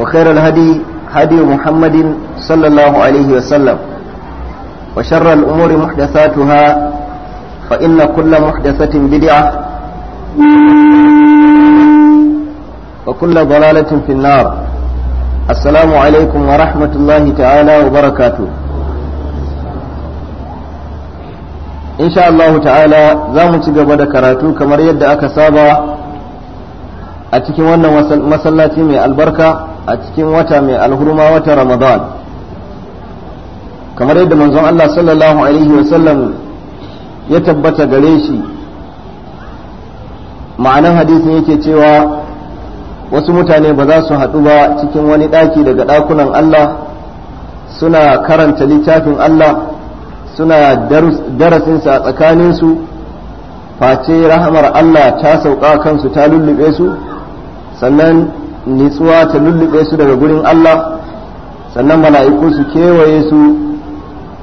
وخير الهدي هدي محمد صلى الله عليه وسلم وشر الأمور محدثاتها فإن كل محدثة بدعة وكل ضلالة في النار السلام عليكم ورحمة الله تعالى وبركاته إن شاء الله تعالى زامن تقبل كراتو كما يد أكسابا أتكي وانا مسلاتي من البركة a cikin wata mai alhurma wata ramadan kamar yadda manzon Allah sallallahu alaihi wasallam ya tabbata gare shi ma'anan hadisin yake cewa wasu mutane ba za su haɗu ba cikin wani ɗaki daga ɗakunan Allah suna karanta littafin Allah suna darasinsa a tsakaninsu face rahamar Allah ta sauka kansu ta lullube su sannan nitsuwa ta lullube su daga gurin Allah sannan mala'iku su kewaye su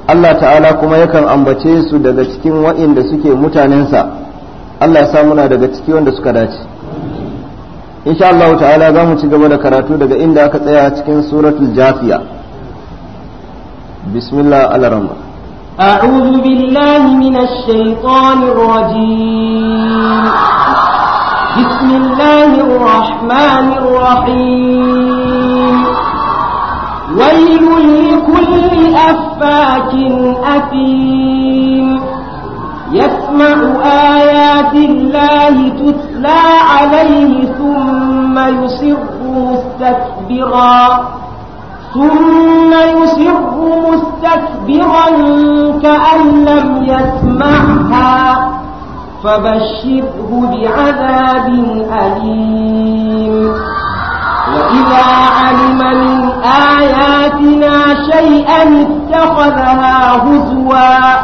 Allah ta'ala kuma yakan ambace su daga cikin waɗanda suke mutanensa Allah ya muna daga ciki wanda suka dace insha Allah ta'ala za mu ci gaba da karatu daga inda aka tsaya cikin suratul jafiya bismillah alarama أعوذ بالله من الشيطان الرجيم بسم الله الرحمن الرحيم ويل لكل أفاك أثيم يسمع آيات الله تتلى عليه ثم يصر مستكبرا ثم يصر مستكبرا كأن لم يسمعها فبشره بعذاب أليم وإذا علم من آياتنا شيئا اتخذها هزوا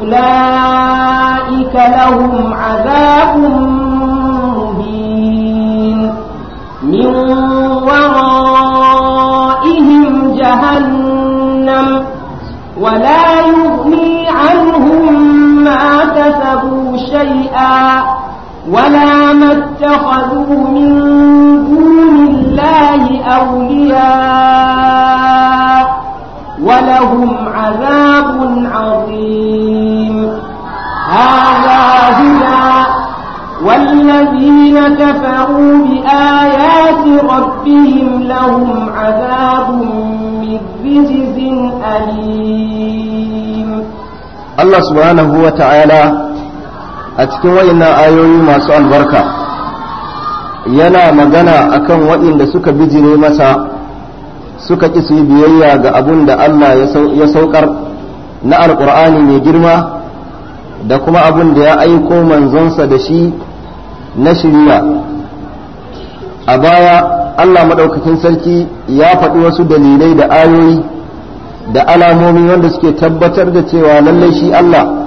أولئك لهم عذاب مبين من ورائهم جهنم ولا يبين شيئا ولا ما اتخذوا من دون الله أولياء ولهم عذاب عظيم هذا هدى والذين كفروا بآيات ربهم لهم عذاب من رجز أليم الله سبحانه وتعالى a cikin wayanna ayoyi masu albarka yana magana akan waɗanda suka bijire masa suka ƙi su biyayya ga abun da Allah ya saukar na alƙur'ani mai girma da kuma abun da ya aiko manzonsa da shi na shirya a baya Allah maɗaukakin sarki ya faɗi wasu dalilai da ayoyi da alamomi wanda suke tabbatar da cewa lallai shi Allah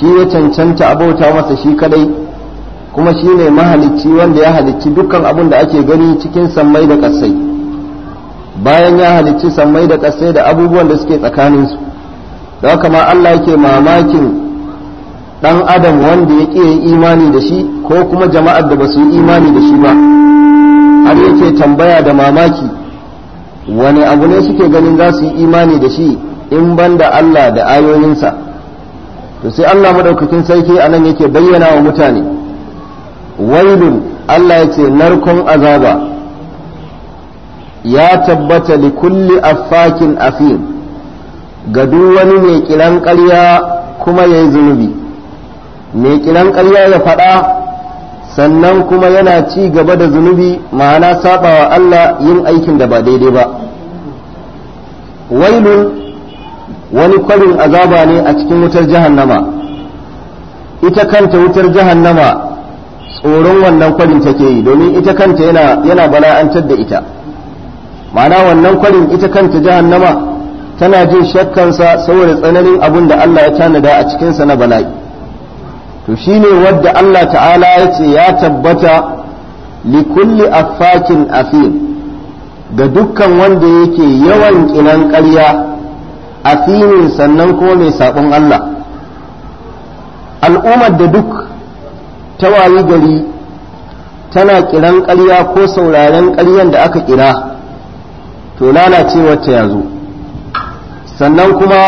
shi ya cancanta abauta masa shi kadai kuma shi ne mahalicci wanda ya halicci dukkan abin da ake gani cikin sammai da kasai bayan ya halicci sammai da kasai da abubuwan da suke tsakaninsu da haka ma Allah yake mamakin dan adam wanda ya yi imani da shi ko kuma jama'ar da ba su yi imani da shi ba har yake tambaya da mamaki wani abu ne suke ganin za su yi imani da shi in banda Allah da ayoyinsa to sai Allah madaukakin sarki anan yake bayyana wa mutane wailun Allah ya narkon azaba ya tabbata li kulli affakin afim ga duk wani mai kiran ƙarya kuma ya zunubi mai kiran ƙarya ya faɗa sannan kuma yana ci gaba da zunubi ma'ana saɓawa Allah yin aikin da ba daidai ba wailun wani kwarin azaba ne a cikin wutar jahannama ita kanta wutar jahannama tsoron wannan kwarin take yi domin ita kanta yana bala'antar da ita ma'ana wannan kwarin ita kanta jahannama tana jin shakkansa saboda tsananin abin da Allah ya tanada a cikinsa na bala'i to shi ne wadda Allah ta'ala ya ce ya tabbata likulli affakin afim ga dukkan wanda yake yawan kinan ƙarya asirin sannan kuma mai saɓon Allah al'ummar da duk ta wayi gari tana kiran ƙarya ko sauraren ƙaryan da aka kira to lalacewar ta yazo sannan kuma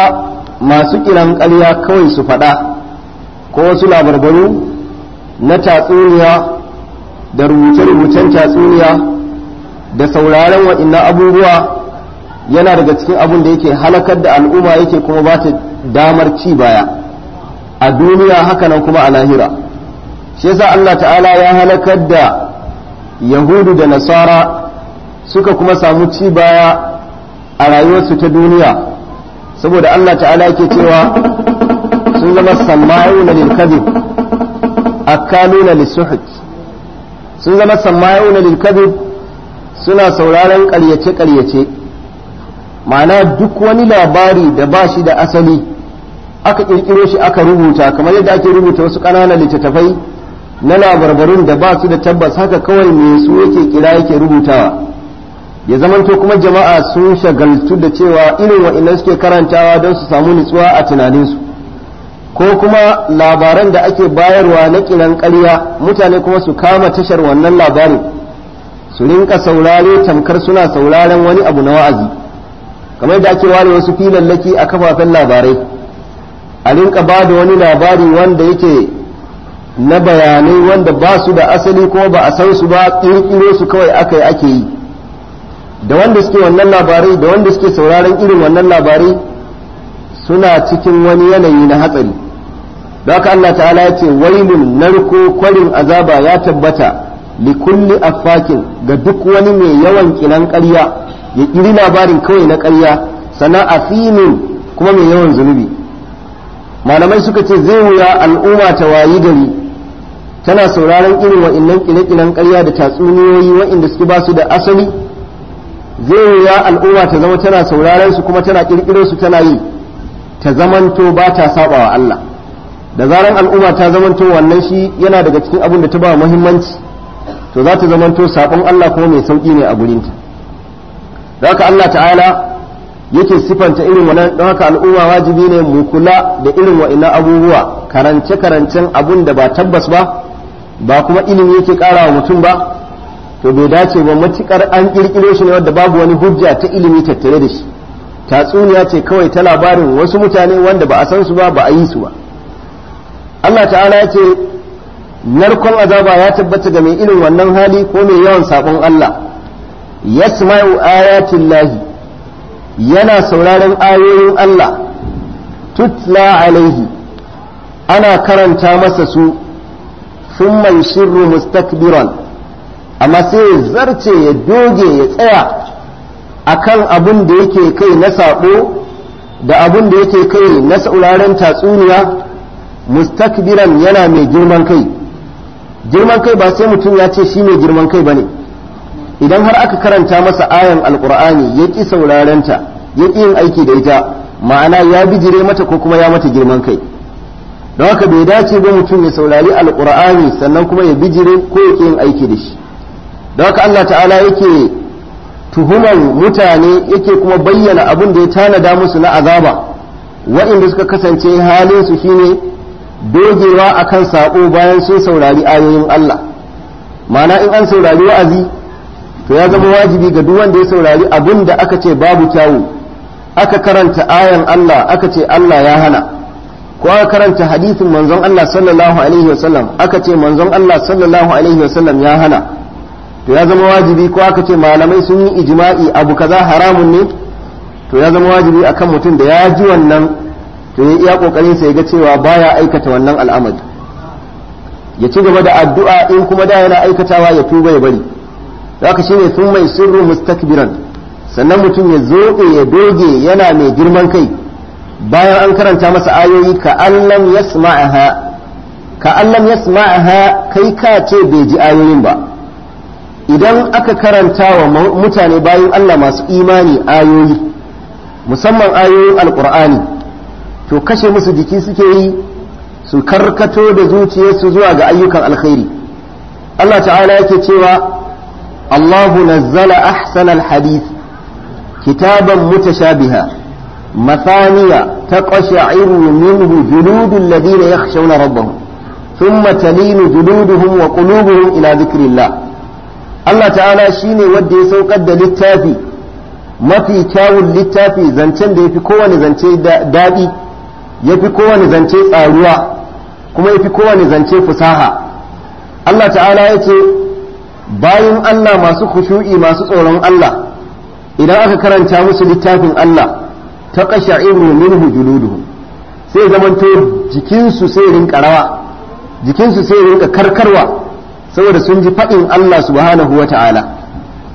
masu kiran ƙarya kawai su faɗa ko wasu labarbaru na tatsuniya da rubuce-rubucen tatsuniya da sauraren waɗannan abubuwa yana daga cikin abin da yake halakar da al'umma yake kuma ba ta damar ci baya a duniya hakanan kuma a lahira shi yasa Allah ta'ala ya halakar da yahudu da nasara suka kuma samu ci baya a rayuwarsu ta duniya saboda Allah ta'ala yake cewa sun zama samayuna lil kadhib akaluna lisuhut sun zama samayuna lil kadhib suna sauraron ƙaryace-ƙaryace ma'ana duk wani labari da ba shi da asali aka ƙirƙiro shi aka rubuta kamar yadda ake rubuta wasu ƙananan littattafai na labarbarun da ba su da tabbas haka kawai me su yake kira yake rubutawa ya zamanto kuma jama'a sun shagaltu da cewa irin wa'ina suke karantawa don su samu nutsuwa a tunaninsu ko kuma labaran da ake bayarwa na ƙinan ƙarya mutane kuma su kama tashar wannan labarin su rinka saurare tamkar suna sauraren wani abu na wa'azi kamar da ake ware wasu filallaki a kafafen labarai a rinka ba da wani labari wanda yake na bayanai wanda ba su da asali kuma ba a san su ba ƙirƙiro su kawai aka yi ake yi da wanda suke wannan labarai da wanda suke sauraron irin wannan labarai suna cikin wani yanayi na hatsari da haka Allah ta'ala ya ce wailun narko kwarin azaba ya tabbata likulli afakin ga duk wani mai yawan kinan ƙarya ya kiri labarin kawai na ƙarya sana'a asimin kuma mai yawan zunubi malamai suka ce zai wuya al'umma ta wayi gari tana sauraron irin wa'innan kile-kilen ƙarya da tatsuniyoyi wa'inda suke ba su da asali zai wuya al'umma ta zama tana sauraron su kuma tana kirkiro su tana yi ta zamanto ba ta saba wa Allah da zaran al'umma ta zamanto wannan shi yana daga cikin abin da ta ba muhimmanci to za ta zamanto sabon Allah kuma mai sauki ne a gurinta don haka Allah ta'ala yake sifanta irin wannan don haka al'umma wajibi ne mu kula da irin wa'ina abubuwa karance karancen abun da ba tabbas ba ba kuma ilimi yake ƙarawa mutum ba to bai dace ba matukar an kirkiro shi ne wanda babu wani hujja ta ilimi tattare da shi tatsuniya ce kawai ta labarin wasu mutane wanda ba a san su ba ba a yi su ba Allah ta'ala yake narkon azaba ya tabbata ga mai irin wannan hali ko mai yawan sabon Allah yasma'u ayatin lahi yana sauraron ayoyin Allah tutla alaihi ana karanta masa su sun man shirru mustakbiran amma sai ya zarce ya doge ya tsaya akan abin da yake kai na saɓo da abin da yake kai na sauraren tatsuniya mustakbiran yana mai girman kai girman kai ba sai mutum ya ce shi mai girman kai ba ne idan har aka karanta masa ayan alqur'ani ya ki saurarenta ya ki yin aiki da ita ma'ana ya bijire mata ko kuma ya mata girman kai don haka bai dace ba mutum ya saurari alqur'ani sannan kuma ya bijire ko ya ki yin aiki da shi don haka Allah ta'ala yake tuhumar mutane yake kuma bayyana abin da ya tanada musu na azaba waɗanda suka kasance halin su shine dogewa akan sako bayan sun saurari ayoyin Allah ma'ana in an saurari wa'azi to ya zama wajibi ga duk wanda ya saurari abin da aka ce babu kyawu aka karanta ayan Allah aka ce Allah ya hana ko aka karanta hadisin manzon Allah sallallahu alaihi wasallam aka ce manzon Allah sallallahu alaihi wasallam ya hana to ya zama wajibi ko aka ce malamai sun yi ijma'i abu kaza haramun ne to ya zama wajibi akan mutum da ya ji wannan to ya iya kokarin sa ya ga cewa baya aikata wannan al'amari ya ci gaba da addu'a in kuma da yana aikatawa ya tuba ya bari haka ne sun mai sirru mustakbiran sannan mutum ya zoɓe ya doge yana mai girman kai bayan an karanta masa ayoyi ka allam yasma'aha ka allam yasma'aha kai ka ce bai ji ayoyin ba idan aka karanta wa mutane bayan Allah masu imani ayoyi musamman ayoyin alqur'ani to kashe musu jiki suke yi su karkato da zuciyarsu zuwa ga ayyukan alkhairi Allah ta'ala yake cewa الله نزل أحسن الحديث كتابا متشابها مثانية تقشعر منه جلود الذين يخشون ربهم ثم تلين جلودهم وقلوبهم إلى ذكر الله الله تعالى شيني ودي سوقد للتافي mafi kyawun littafi zancen da ya fi kowane zance daɗi ya fi kowane zance tsaruwa kuma ya fi kowane zance fusaha Allah ta'ala ya ce bayan Allah masu khushu'i masu tsoron Allah idan aka karanta musu littafin Allah ta qasha'iru minhu juluduhum sai zamanto jikinsu sai rinka rawa jikinsu sai rinka karkarwa saboda sun ji faɗin Allah subhanahu wata'ala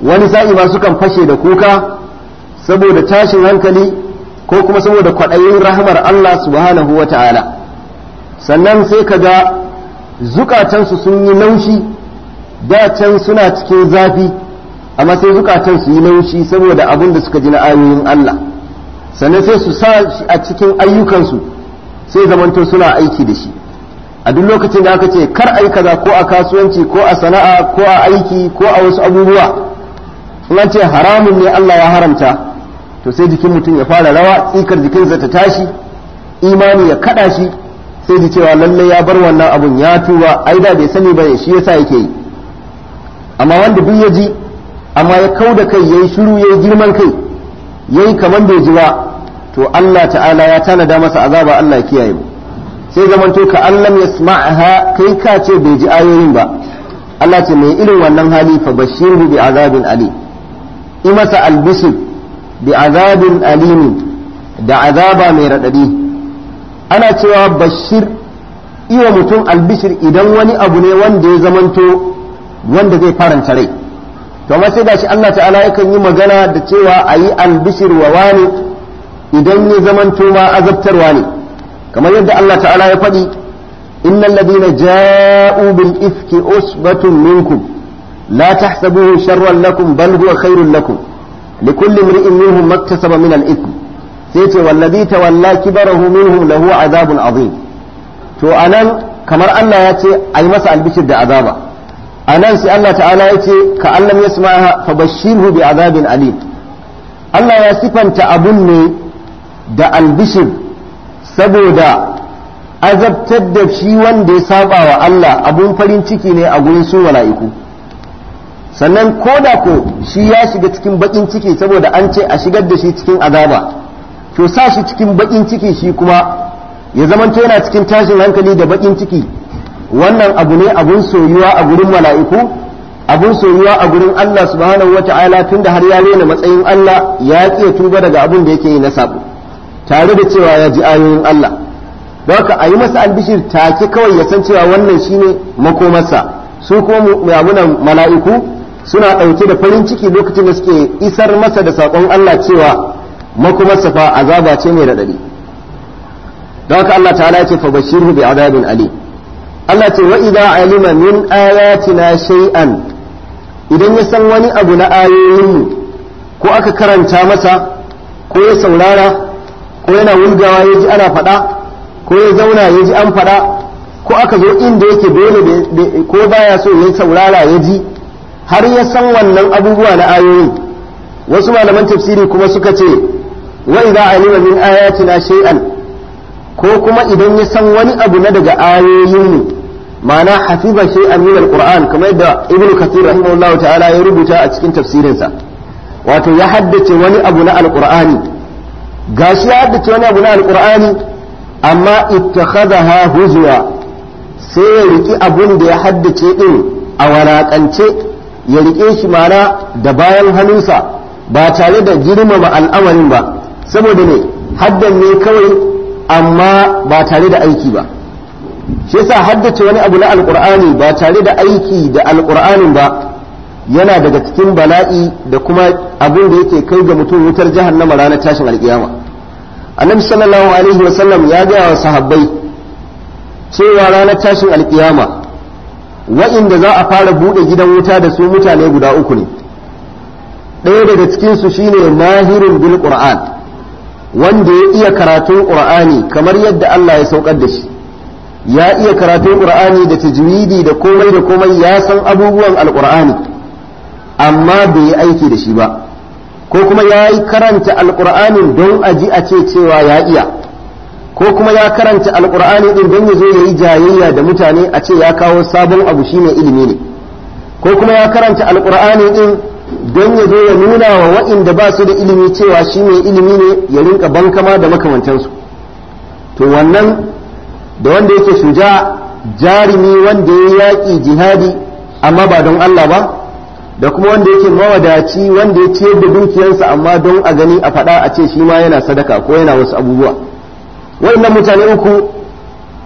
wani sa'i ma kan fashe da kuka saboda tashin hankali ko kuma saboda kwaɗayin rahmar Allah subhanahu wata'ala sannan sai ka ga zukatansu sun yi laushi da can suna cikin zafi amma sai zukatan su yi laushi saboda abin da suka ji na ayoyin Allah sannan sai su sa shi a cikin ayyukansu sai zamanto suna aiki da shi a duk lokacin da aka ce kar ai kaza ko a kasuwanci ko a sana'a ko a aiki ko a wasu abubuwa in an ce haramun ne Allah ya haramta to sai jikin mutum ya fara rawa tsikar jikin jikinsa ta tashi imani ya kada shi sai ji cewa lallai ya bar wannan abun ya tuba ai da bai sani ba shi yasa yake yi amma wanda duk ya ji amma ya kau da kai ya yayi shiru ya yi girman kai yayi kaman bai ji ba to Allah ta'ala ya tanada masa azaba Allah ya kiyaye mu sai zamanto ka allam yasma'ha kai ka ce bai ji ayoyin ba Allah ce mai irin wannan hali fa bashir bi azabin ali i masa albishir bi azabin alimi da azaba mai radadi ana cewa bashir iwa mutum albishir idan wani abu ne wanda ya zamanto wanda zai faranta rai to amma sai gashi Allah ta'ala yakan yi magana da cewa ayi albishir wa wani idan ya zamanto ma azabtarwa ne kamar yadda Allah ta'ala ya faɗi innal ladina ja'u bil ifki usbatun minkum la tahsabuhu sharran lakum bal huwa khairun lakum likulli imri'in minhum maktasaba min al ithm sai ce wallazi tawalla kibarahu minhum lahu azabun azim to anan kamar Allah ya ce ayi masa albishir da azaba a nan sai Allah ta'ala ya ce ka Allah ya samaha fa bashirhu bi azabin alim Allah ya sifanta abun ne da albishir saboda azabtar da shi wanda ya saba wa Allah abun farin ciki ne a gurin su mala'iku sannan ko da ko shi ya shiga cikin bakin ciki saboda an ce a shigar da shi cikin azaba to sa shi cikin bakin ciki shi kuma ya zamanto yana cikin tashin hankali da bakin ciki wannan abu ne abun soyuwa a gurin mala'iku abun soyuwa a gurin Allah subhanahu tun da har ya rena matsayin Allah ya ƙi tuba daga abun da yake yi na sabo tare da cewa ya ji ayoyin Allah don haka a yi masa albishir take kawai ya san cewa wannan shine makomarsa su kuma abunan mala'iku suna ɗauke da farin ciki lokacin da suke isar masa da saƙon Allah cewa makomarsa fa azaba ce mai raɗaɗi don haka Allah ta'ala ya ce fa bashiru bi azabin ali Allah ce wa idan alima min ayatina shay'an idan ya san wani abu na ayoyinmu ko aka karanta masa ko ya saurara ko yana wulgawa ya ji ana faɗa ko ya zauna ya ji an faɗa ko aka zo inda yake dole ko baya so ya saurara ya ji har ya san wannan abubuwa na ayoyi wasu malaman tafsiri kuma suka ce wa idan alima min ayatina shay'an ko kuma idan ya san wani abu na daga ayoyin ne ma'ana hafiza shi min alquran kamar yadda ibnu kathir rahimahullahu ta'ala ya rubuta a cikin tafsirinsa wato ya haddace wani abu na alqur'ani gashi ya haddace wani abu na alqur'ani amma ittakhadha huzwa sai ya riki abun da ya haddace din a walakance ya rike shi ma'ana da bayan hannunsa ba tare da girmama al'amarin ba saboda ne haddan ne kawai amma ba tare da aiki ba shi yasa haddace wani abu na alqur'ani ba tare da aiki da alqur'anin ba yana daga cikin bala'i da kuma abin da yake kai ga mutum wutar jahannama ranar tashin alkiyama annabi sallallahu alaihi wasallam ya ga wa sahabbai cewa ranar tashin alkiyama wa'inda za a fara bude gidan wuta da su mutane guda uku ne ɗaya daga cikinsu shine mahirin bil qur'an wanda ya iya karatun qur'ani kamar yadda Allah ya saukar da shi ya iya karatun qur'ani da tajwidi da komai da komai ya san abubuwan alqur'ani amma bai yi aiki da shi ba ko kuma ya yi karanta al'qur'ani don a ji a ce cewa ya iya ko kuma ya karanta alqur'ani din don ya zo ya yi jayayya da mutane a ce ya kawo sabon abu shine ilimi ne ko kuma ya karanta alqur'ani din don ya zo ya nuna wa waɗanda ba su da ilimi cewa shi mai ilimi ne ya rinka bankama da makamantansu to wannan da wanda yake shuja jarumi wanda ya yaƙi jihadi amma ba don Allah ba da kuma wanda yake mawadaci wanda ya ciyar da dukiyarsa amma don a gani a faɗa a ce shi ma yana sadaka ko yana wasu abubuwa waɗannan mutane uku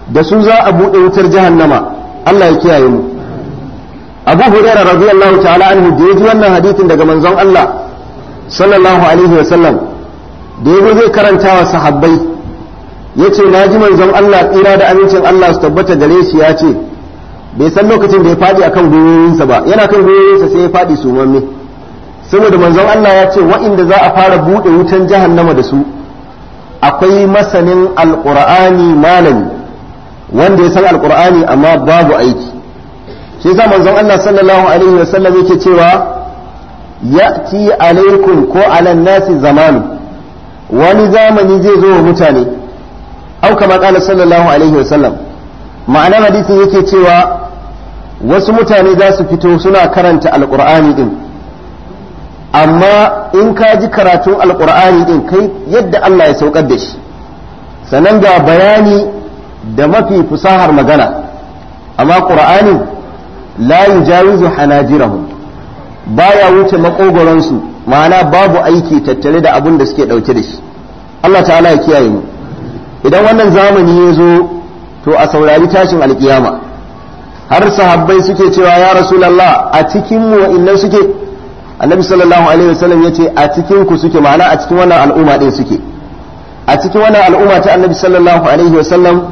da su za a buɗe wutar jahannama Allah ya kiyaye mu abu huraira radiyallahu ta'ala anhu da yaji wannan hadithin daga manzon Allah sallallahu alaihi wasallam da yaji zai karanta wa sahabbai yace ji manzon Allah tsira da amincin Allah su tabbata gare shi yace bai san lokacin da ya fadi akan gwiwoyinsa ba yana kan gwiwoyinsa sai ya fadi mamme saboda manzon Allah ya ce wa'inda za a fara bude wutan jahannama da su akwai masanin alqur'ani malami wanda ya san alqur'ani amma babu aiki shi za manzon Allah sallallahu alaihi wasallam yake cewa ya'ti alaikum ko alan nasi zamanu wani zamani zai zo wa mutane au kama kala sallallahu alaihi wasallam ma'anar hadisin yake cewa wasu mutane za su fito suna karanta alqur'ani din amma in ka ji karatun alƙur'ani din kai yadda Allah ya saukar da shi sanan ga bayani da mafi fusahar magana amma ƙur'ani la yujawizu hanajirahum baya wuce makogoron su ma'ana babu aiki tattare da abin da suke dauke da shi Allah ta'ala ya kiyaye mu idan wannan zamani ya zo to a saurari tashin alkiyama har sahabbai suke cewa ya rasulullah a cikin mu wa'annan suke annabi sallallahu alaihi wasallam yace a cikin ku suke ma'ana a cikin wannan al'umma din suke a cikin wannan al'umma ta annabi sallallahu alaihi wasallam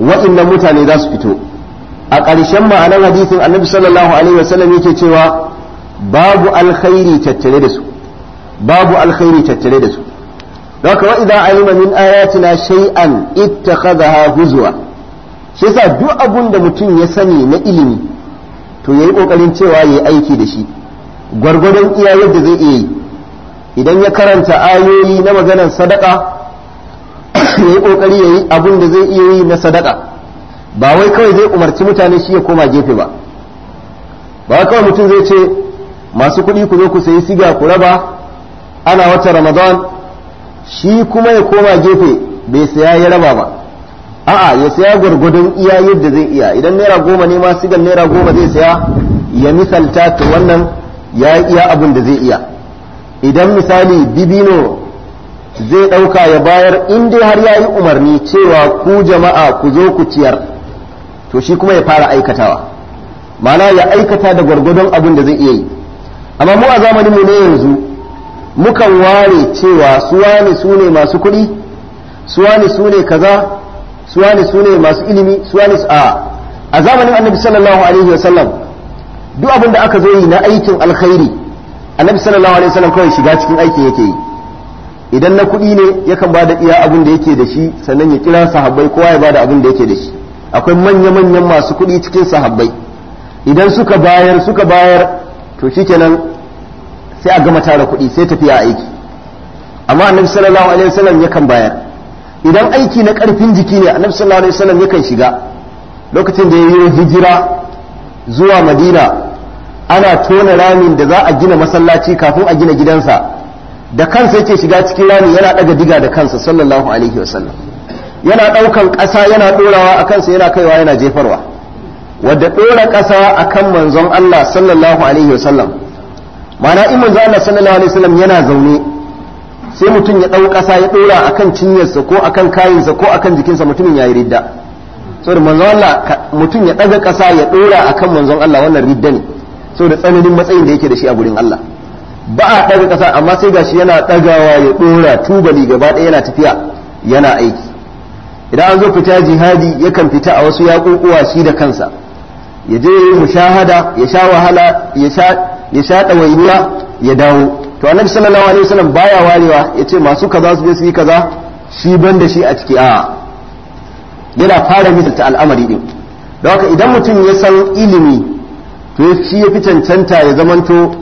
wa'annan mutane za su fito a ƙarshen ma'anar hadithin annabi sallallahu alaihi wasallam yake cewa babu alkhairi tattare da su babu alkhairi tattare da su haka wa idan alima min ayatina shay'an ittakhadha huzwa shi yasa duk abun da mutum ya sani na ilimi to yayi kokarin cewa yayi aiki da shi gwargwadon iya da zai iya yi idan ya karanta ayoyi na maganar sadaka yayi kokari yayi abun da zai iya yi na sadaka ba wai kawai zai umarci mutane shi ya koma gefe ba ba kawai mutum zai ce masu kuɗi ku zo ku sayi siga ku raba ana wata ramadan shi kuma ya koma gefe bai saya ya raba ba a'a ya saya gwargwadon iya yadda zai iya idan naira goma ne ma sigan naira goma zai saya ya misalta ta wannan ya iya abin da zai iya idan misali bibino zai ɗauka ya bayar in dai har ya yi umarni cewa ku jama'a ku zo ku ciyar to shi kuma ya fara aikatawa ma'ana ya aikata da gwargwadon abin da zai iya yi amma mu a zamanin mu ne yanzu mukan ware cewa suwa ne su ne masu kuɗi suwa ne su ne kaza suwa ne su ne masu ilimi suwa ne a a zamanin annabi sallallahu alaihi sallam duk abin da aka zo yi na aikin alkhairi annabi sallallahu alaihi sallam kawai shiga cikin aikin yake yi idan na kuɗi ne yakan ba da iya abin da yake da shi sannan ya kira sahabbai kowa ya ba da abin da yake da shi akwai manya-manyan masu kuɗi cikin sahabbai idan suka bayar suka bayar to shikenan sai a gama tara kuɗi sai tafiya aiki amma annabi sallallahu alaihi wasallam yakan bayar idan aiki na ƙarfin jiki ne annabi sallallahu alaihi wasallam yakan shiga lokacin da ya yi hijira zuwa madina ana tona ramin da za a gina masallaci kafin a gina gidansa da kansa yake shiga cikin rami yana ɗaga diga da kansa sallallahu alaihi wasallam yana ɗaukan ƙasa yana ɗorawa a kansa yana kaiwa yana jefarwa wadda ɗora ƙasa a kan manzon Allah sallallahu alaihi wasallam ma'ana in manzon Allah sallallahu alaihi wasallam yana zaune sai mutum ya ɗau ƙasa ya ɗora a kan cinyarsa ko a kan kayansa ko a kan jikinsa mutumin ya yi ridda saboda manzon Allah mutum ya ɗaga ƙasa ya ɗora a kan manzon Allah wannan ridda ne saboda tsananin matsayin da yake da shi a gurin Allah ba a ɗaga ƙasa amma sai gashi yana ɗagawa ya ɗora tubali gaba ɗaya yana tafiya yana aiki idan an zo fita jihadi yakan fita a wasu yaƙuƙuwa shi da kansa ya je ya yi mushahada ya sha wahala ya sha ɗawainiya ya dawo to annabi sallallahu alaihi wasallam baya warewa ya ce masu kaza su je su yi kaza shi ban da shi a ciki a yana fara misalta al'amari din don haka idan mutum ya san ilimi to shi ya fi cancanta ya zamanto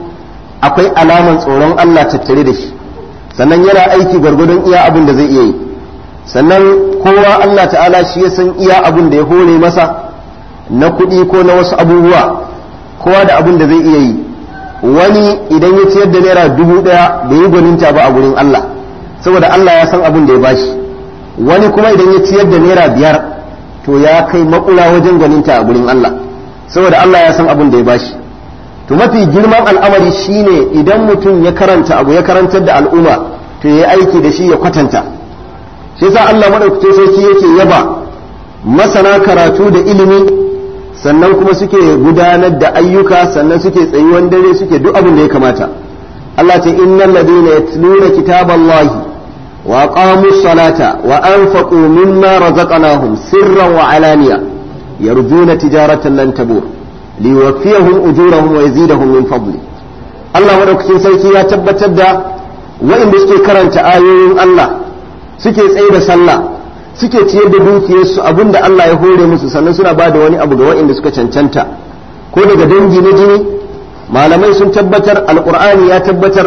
akwai alaman tsoron Allah tattare da shi sannan yana aiki gwargwadon iya abin da zai iya yi sannan kowa Allah ta'ala shi ya san iya abin da ya hore masa na kuɗi ko na wasu abubuwa kowa da abin da zai iya yi wani idan ya ciyar da naira dubu ɗaya da yi gwaninta ba a gurin Allah saboda Allah ya san abin da ya bashi wani kuma idan ya ciyar da naira biyar to ya kai makula wajen gwaninta a gurin Allah saboda Allah ya san abin da ya bashi to mafi girman al'amari shine idan mutum ya karanta abu ya karantar da al'umma to ya yi aiki da shi ya kwatanta shi sa Allah madaukakin sarki yake yaba masana karatu da ilimi sannan kuma suke gudanar da ayyuka sannan suke tsayuwan dare suke duk abin da ya kamata Allah ce innal ladina yatluna kitaballahi wa aqamus salata wa anfaqu mimma razaqnahum sirran wa alaniya yarjuna tijaratan lan tabur liwafiyahum ujurahum wa yazidahum min fadli Allah madaukakin sarki ya tabbatar da wa'inda suke karanta ayoyin Allah suke tsaye da sallah suke ciyar da dukiyarsu abun da Allah ya hore musu sannan suna ba da wani abu ga wa'inda suka cancanta ko daga dangi na jini malamai sun tabbatar alkur'ani ya tabbatar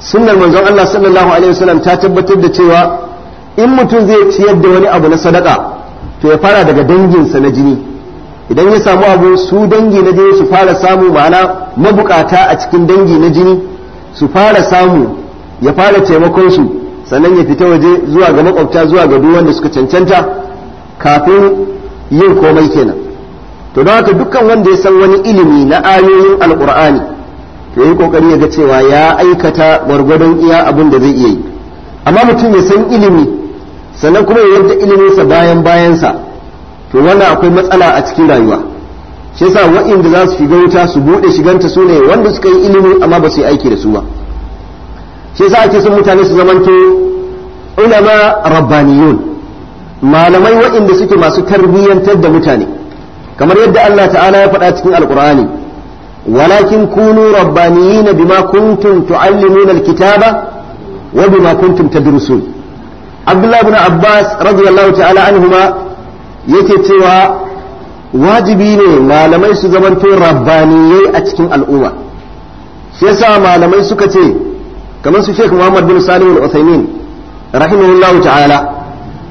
sunnar manzon Allah sallallahu alaihi wasallam ta tabbatar da cewa in mutum zai ciyar da wani abu na sadaka to ya fara daga danginsa na jini idan ya samu abu su dangi na jini su fara samu ma'ana mabukata a cikin dangi na jini su fara samu ya fara taimakon su sannan ya fita waje zuwa ga makwabta zuwa ga duk wanda suka cancanta kafin yin komai kenan to don haka dukkan wanda ya san wani ilimi na ayoyin alkur'ani to yi kokari ya ga cewa ya aikata gwargwadon iya abin da zai iya yi amma mutum ya san ilimi sannan kuma ya yadda iliminsa bayan bayansa to wannan akwai matsala a cikin rayuwa shi yasa waɗanda za su shiga wuta su buɗe shiganta su ne wanda suka yi ilimi amma ba su yi aiki da su ba shi za ake son mutane su zamanto ulama rabbaniyun malamai waɗanda suke masu tarbiyyantar da mutane kamar yadda Allah ta'ala ya faɗa cikin alkur'ani walakin kunu rabbaniyina bima kuntum tu'allimuna alkitaba wa bima kuntum tadrusun Abdullah ibn Abbas radiyallahu ta'ala anhuma yake cewa wajibi ne malamai su zamanto rabbaniyai a cikin al'umma Sai sa malamai suka ce kamar su Sheikh Muhammad bin Salim al-Uthaymeen rahimahullahu ta'ala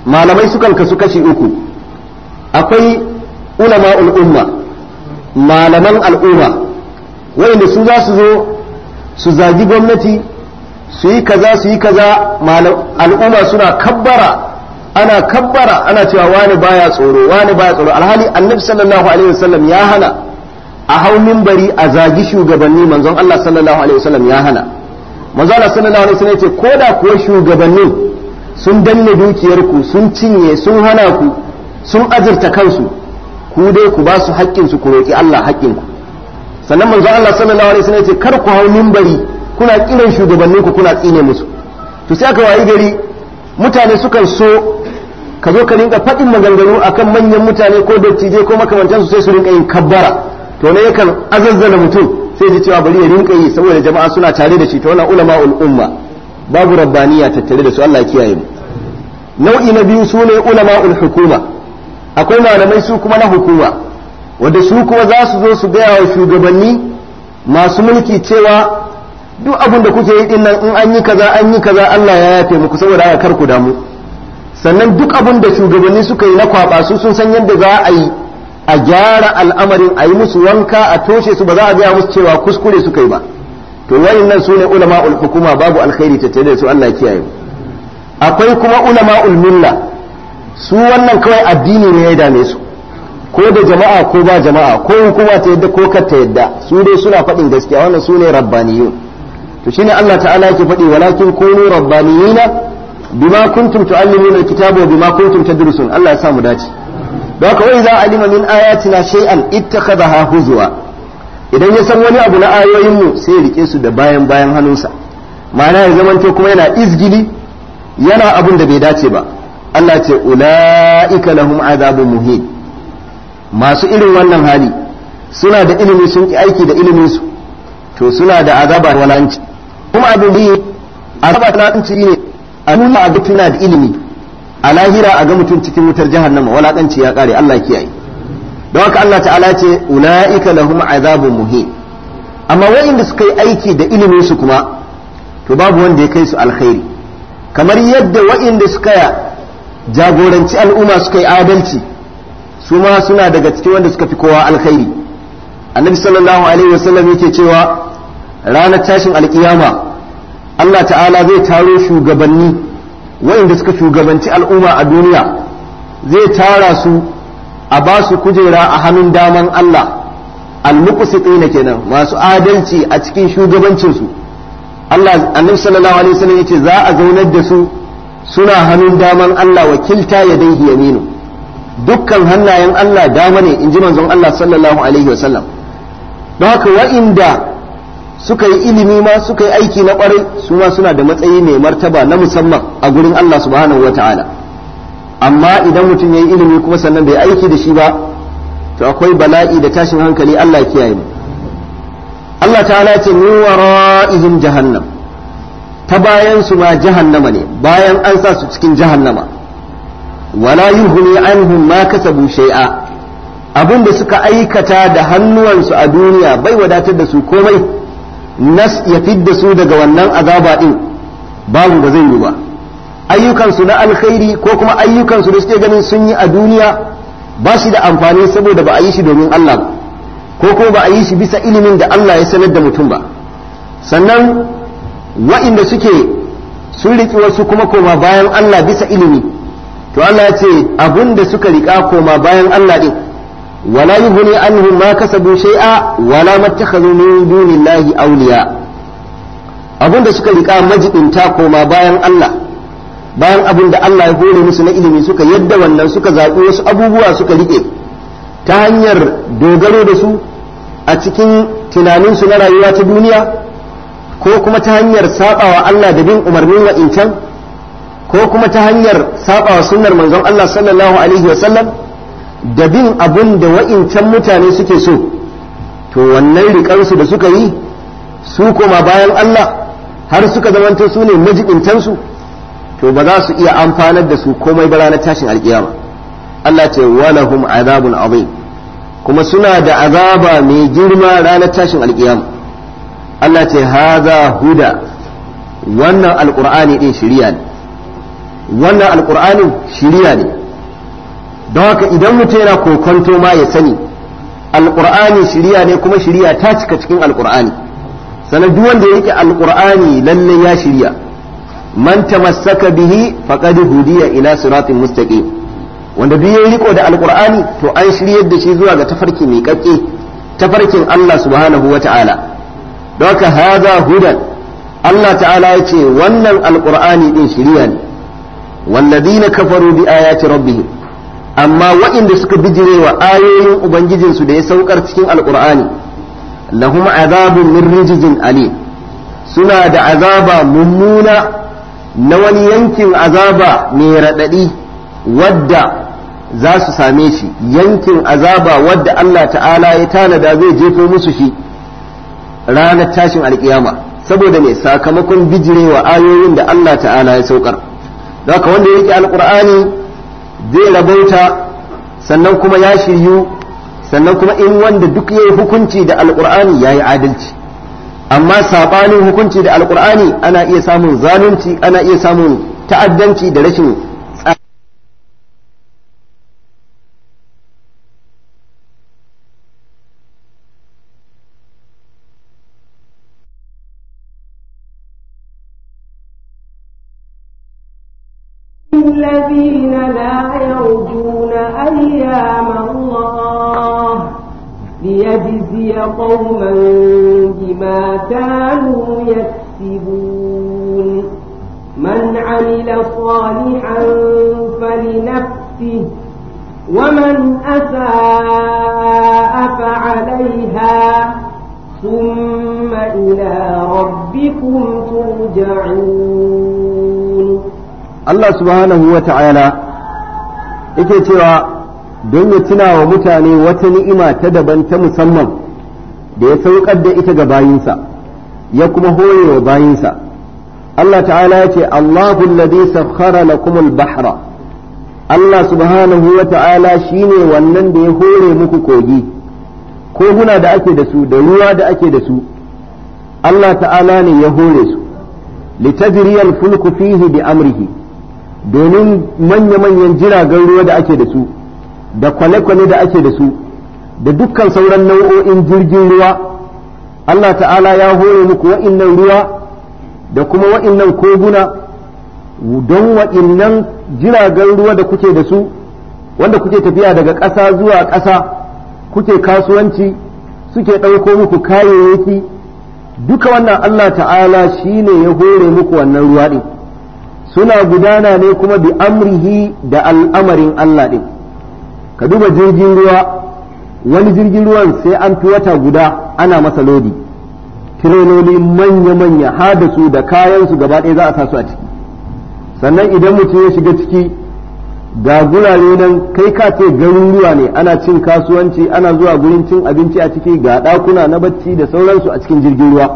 malamai sukan kasu kashi uku akwai ulama umma malaman al'umma wanda su za su zo su zagi gwamnati su yi kaza su yi kaza al'umma suna kabbara ana kabbara ana cewa wani baya tsoro wani baya tsoro alhali annabi sallallahu alaihi wasallam ya hana a hau minbari a zagi shugabanni manzon Allah sallallahu alaihi wasallam ya hana manzo Allah sallallahu alaihi wasallam yace koda kuwa shugabannin sun danne dukiyarku sun cinye sun hana ku sun azurta kansu ku dai ku ba su haƙƙinsu ku roƙi Allah haƙƙinku. sannan manzo Allah sallallahu alaihi wasallam yace kar ku hau minbari kuna kiran shugabannin ku kuna tsine musu to sai aka wayi gari mutane sukan so ka zo ka rinka faɗin maganganu akan manyan mutane ko dattijai ko makamantansu sai su rinka yin kabbara to ne yakan azazzala mutum sai ji cewa bari ya rinka yi saboda jama'a suna tare da shi ta wannan ulama ul umma babu rabbaniya tattare da su Allah kiyaye mu nau'i na biyu sune ulama hukuma akwai malamai su kuma na hukuma wanda su kuma za su zo su gaya wa shugabanni masu mulki cewa duk abin da kuke yi din nan in an yi kaza an yi kaza Allah ya yafe muku saboda haka kar ku damu sannan duk abin da shugabanni suka yi na kwaba su sun san yadda za a yi a gyara al'amarin a yi musu wanka a toshe su ba za a gaya musu cewa kuskure suka yi ba to wayannan sune ulama hukuma babu alkhairi ta da su Allah kiyaye akwai kuma ulama ulmilla su wannan kawai addini ne ya dame su ko da jama'a ko ba jama'a ko hukuma ta yadda ko karta ta yadda su dai suna faɗin gaskiya wannan su ne rabbaniyun to shine Allah ta'ala yake faɗi walakin kunu rabbaniyina bima kuntum tu'allimuna alkitaba wa bima kuntum tadrusun Allah ya sa mu dace don haka wai za alima min ayatina shay'an ittakhadha huzwa idan ya san wani abu na ayoyin mu sai ya rike su da bayan bayan hannunsa ma'ana ya to kuma yana izgili yana abun da bai dace ba Allah ce ula'ika lahum azabun muhin masu irin wannan hali suna da ilimi sun ki aiki da ilimin su to suna da azaba walanci kuma abin da azaba ta ne a nuna da ilimi a lahira a ga mutum cikin wutar jihar jahannama walakanci ya kare Allah kiyaye don haka Allah ta'ala ce ula'ika lahum azabun muhe amma wa'inda suka yi aiki da ilimin su kuma to babu wanda ya kai su alkhairi kamar yadda wa'inda suka jagoranci al'umma suka yi adalci su ma suna daga cikin wanda suka fi kowa alkhairi annabi sallallahu alaihi wasallam yake cewa ranar tashin alkiyama Allah ta'ala zai taro shugabanni wa'inda suka shugabanci al'umma a duniya zai tara su a ba su kujera a hannun daman Allah al-muqsitina kenan masu adalci a cikin shugabancin su Allah annabi sallallahu alaihi wasallam yace za a zaunar da su suna hannun daman Allah wakilta yadayhi yaminu dukkan hannayen Allah dama ne inji manzon Allah sallallahu alaihi wasallam don haka wa'inda suka yi ilimi ma suka yi aiki na kwarai su ma suna da matsayi mai martaba na musamman a gurin Allah subhanahu wa ta'ala amma idan mutum ya yi ilimi kuma sannan bai aiki da shi ba to akwai bala'i da tashin hankali Allah kiyaye mu Allah ta'ala ce mu wara'ihim jahannam ta bayan su ma jahannama ne bayan an sa su cikin jahannama wala yuhni anhum ma kasabu shay'a abin da suka aikata da hannuwansu a duniya bai wadatar da su komai nas ya fidda su daga wannan azaba din babu ba zai yi ba ayyukansu na alkhairi ko kuma ayyukansu da suke ganin sun yi a duniya ba shi da amfani saboda ba a yi shi domin Allah ba ko kuma ba a yi shi bisa ilimin da Allah ya sanar da mutum ba sannan wa'inda suke sun riƙi wasu kuma koma bayan Allah bisa ilimi to Allah ya ce abin da suka riƙa koma bayan Allah ɗin ولا يغني عنهم ما كسبوا شيئا ولا ما اتخذوا من دون الله أولياء abun da suka rika majibinta koma bayan Allah bayan abin da Allah ya hore musu na ilimi suka yadda wannan suka zaɓi wasu abubuwa suka rike ta hanyar dogaro da su a cikin tunaninsu na rayuwa ta duniya ko kuma ta hanyar saɓawa Allah da bin umarnin wa'incan ko kuma ta hanyar saɓawa sunnar manzon Allah sallallahu alaihi wasallam da bin abin da wa'incan mutane suke so to wannan riƙarsu da suka yi su koma bayan Allah har suka zamanta su ne majibintansu to ba za su iya amfanar da su komai ba ranar tashin alkiyama Allah ce walahum azabun azim kuma suna da azaba mai girma ranar tashin alkiyama Allah ce haza huda wannan alqur'ani din shiriya ne wannan alqur'ani shiriya ne don haka idan mutum yana kokonto ma ya sani alƙur'ani shirya ne kuma shirya ta cika cikin alkur'ani sanan duk wanda yake alkur'ani lallai ya shirya man tamassaka bihi faqad hudiya ila siratin mustaqim wanda duk ya riko da alkur'ani to an shiryar da shi zuwa ga tafarki mai kakke tafarkin Allah subhanahu wata'ala don haka hadha hudan Allah ta'ala ya ce wannan alkur'ani din shirya ne kafaru ya ce rabbihim amma waɗanda suka bijire wa ayoyin ubangijinsu da ya saukar cikin alkur'ani lahum azabun min rijijin ali suna da azaba mummuna na wani yankin azaba mai raɗaɗi wadda za su same shi yankin azaba wadda Allah ta'ala ya tanada zai jefo musu shi ranar tashin alƙiyama saboda mai sakamakon bijirewa ayoyin da Allah ta'ala ya saukar haka wanda yake alkur'ani zai rabauta sannan kuma ya shiryu sannan kuma in wanda duk yayi hukunci da ya yi adalci amma saɓanin hukunci da Alƙur'ani ana iya samun zalunci ana iya samun ta'addanci da rashin قوما بما كانوا يكسبون من عمل صالحا فلنفسه ومن أساء فعليها ثم إلى ربكم ترجعون الله سبحانه وتعالى yake cewa don ya tuna wa mutane wata ni'ima ta daban ta musamman da ya saukar da ita ga bayinsa ya kuma hore wa bayinsa Allah ta'ala ya ce Allahu alladhi sakhkhara lakum al-bahra Allah subhanahu wa ta'ala shine wannan da ya hore muku kogi koguna da ake da su da ruwa da ake da su Allah ta'ala ne ya hore su litajriya al-fulku fihi bi amrihi domin manya-manyan jiragen ruwa da ake da su da kwale-kwale da ake da su da dukkan sauran nau'o'in jirgin ruwa Allah ta'ala ya hore muku wa'innan ruwa da kuma wa'innan koguna don wa'innan jiragen ruwa da kuke da su wanda kuke tafiya daga ƙasa zuwa ƙasa kuke kasuwanci suke ɗauko muku kayayyaki duka wannan Allah ta'ala shi ne ya hore muku wannan ruwa ɗin suna gudana ne kuma bi amrihi da al'amarin Allah ɗin ka duba jirgin ruwa wani jirgin ruwan sai an fi wata guda ana masa lodi tireloli manya-manya hada su da kayansu gaba ɗaya za a sa a ciki sannan idan mutum ya shiga ciki ga gurare nan kai ka ce garuruwa ne ana cin kasuwanci ana zuwa gurin cin abinci a ciki ga ɗakuna na bacci da sauransu a cikin jirgin ruwa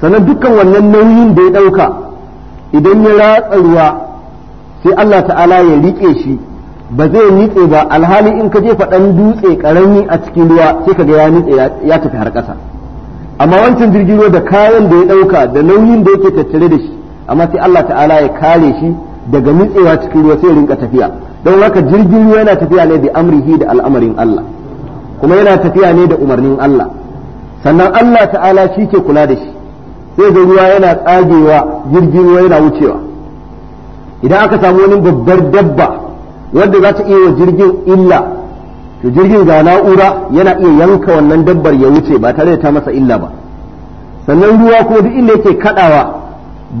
sannan dukkan wannan nauyin da ya ɗauka idan ya ratsa ruwa sai Allah ta'ala ya riƙe shi ba zai nitse ba alhali in ka je faɗan dutse ƙarami a cikin ruwa sai ka ga ya nitse ya tafi har ƙasa amma wancan jirgin ruwa da kayan da ya ɗauka da nauyin da yake tattare da shi amma sai Allah ta'ala ya kare shi daga nitsewa cikin ruwa sai rinka tafiya don haka jirgin ruwa yana tafiya ne da amrihi da al'amarin Allah kuma yana tafiya ne da umarnin Allah sannan Allah ta'ala shi ke kula da shi sai da ruwa yana tsagewa jirgin ruwa yana wucewa idan aka samu wani babbar dabba wanda za ta iya wa jirgin illa to jirgin ga na'ura yana iya yanka wannan dabbar ya wuce ba tare da ta masa illa ba sannan ruwa ko duk inda yake kadawa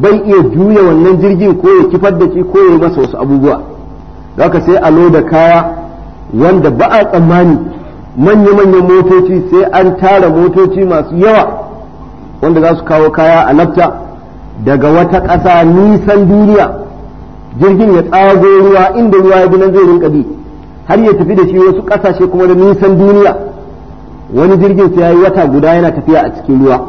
bai iya juya wannan jirgin ko ya kifar da shi ko ya masa wasu abubuwa haka sai a loda kaya wanda ba a tsammani manya-manyan motoci sai an tara motoci masu yawa wanda za su kawo kaya a nafta daga wata ƙasa nisan duniya jirgin ya tsago ruwa inda ruwa ya bi nan zai rinka bi har ya tafi da shi wasu ƙasashe kuma da nisan duniya wani jirgin sai yi wata guda yana tafiya a cikin ruwa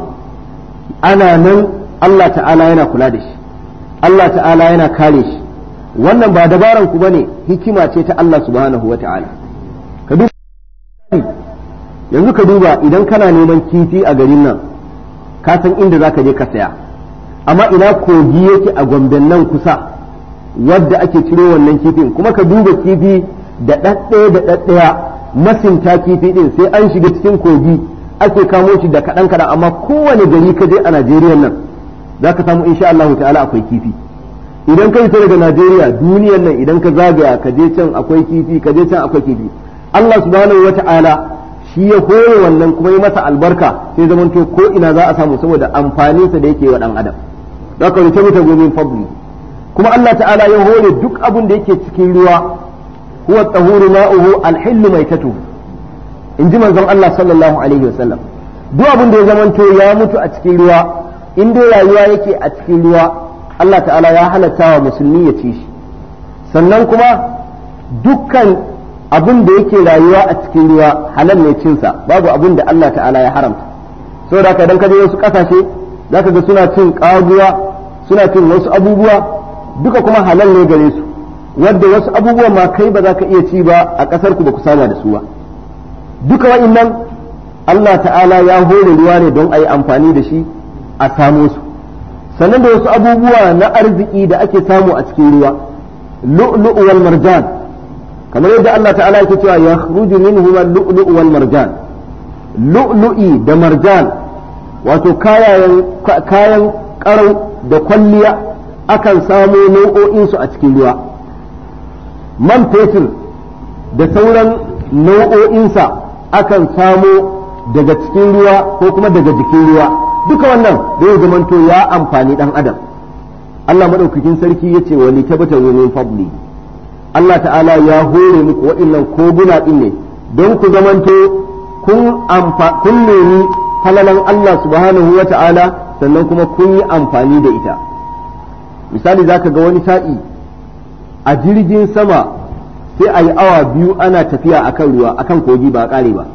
ana nan Allah ta'ala yana kula da shi Allah ta'ala yana kare shi wannan ba dabaran ku bane hikima ce ta Allah subhanahu wa ta'ala ka duba yanzu ka duba idan kana neman kifi a garin nan ka san inda ka je ka saya amma ina kogi yake a gomben nan kusa wadda ake ciro wannan kifin kuma ka duba kifi da ɗaɗɗaya da ɗaɗɗaya masinta kifi ɗin sai an shiga cikin kogi ake kamo shi da kaɗan kaɗan amma kowane gari ka je a Najeriya nan za ka samu insha Allah ta'ala akwai kifi idan ka fita daga Najeriya duniyar nan idan ka zagaya ka je can akwai kifi ka je can akwai kifi Allah subhanahu wa ta'ala shi ya hore wannan kuma yi masa albarka sai zamanto ko ina za a samu saboda amfaninsa da yake wa ɗan adam. Za ka rute mutane gobe kuma Allah ta'ala ya hore duk abin da yake cikin ruwa huwa tahuru ma'uhu alhillu mai in ji manzon Allah sallallahu alaihi wa sallam duk abin da ya zamanto ya mutu a cikin ruwa in dai rayuwa yake a cikin ruwa Allah ta'ala ya halatta wa musulmi ya ci shi sannan kuma dukkan abin da yake rayuwa a cikin ruwa halal ne cinsa babu abin da Allah ta'ala ya haramta saboda haka dan kaje wasu kasashe zaka ga suna cin kaguwa suna cin wasu abubuwa duka kuma halal ne gare su wadda wasu abubuwa ma kai ba za ka iya ci ba a ƙasar ku ba ku saba da su ba duka wa'annan Allah ta'ala ya hore ruwa ne don a yi amfani da shi a samo su sannan da wasu abubuwa na arziki da ake samu a cikin ruwa lu'lu'u wal marjan kamar yadda Allah ta'ala yake cewa ya khruju minhu lu'lu'u wal marjan lu'lu'i da marjan wato kayan kayan karau da kwalliya akan samu nau'o'insu a cikin ruwa man fetur da sauran nau'o'insa akan samu daga cikin ruwa ko kuma daga jikin ruwa duka wannan zai zamanto ya amfani dan adam Allah madaukakin sarki ya ce wani tabata wurin fadli Allah ta'ala ya hore muku waɗannan koguna ɗin ne don ku zamanto kun amfa kun nemi falalan Allah subhanahu wa ta'ala sannan kuma kun yi amfani da ita misali za ka ga wani sa'i a jirgin sama sai a yi awa biyu ana tafiya a kan ruwa a kan kogi ba kare ba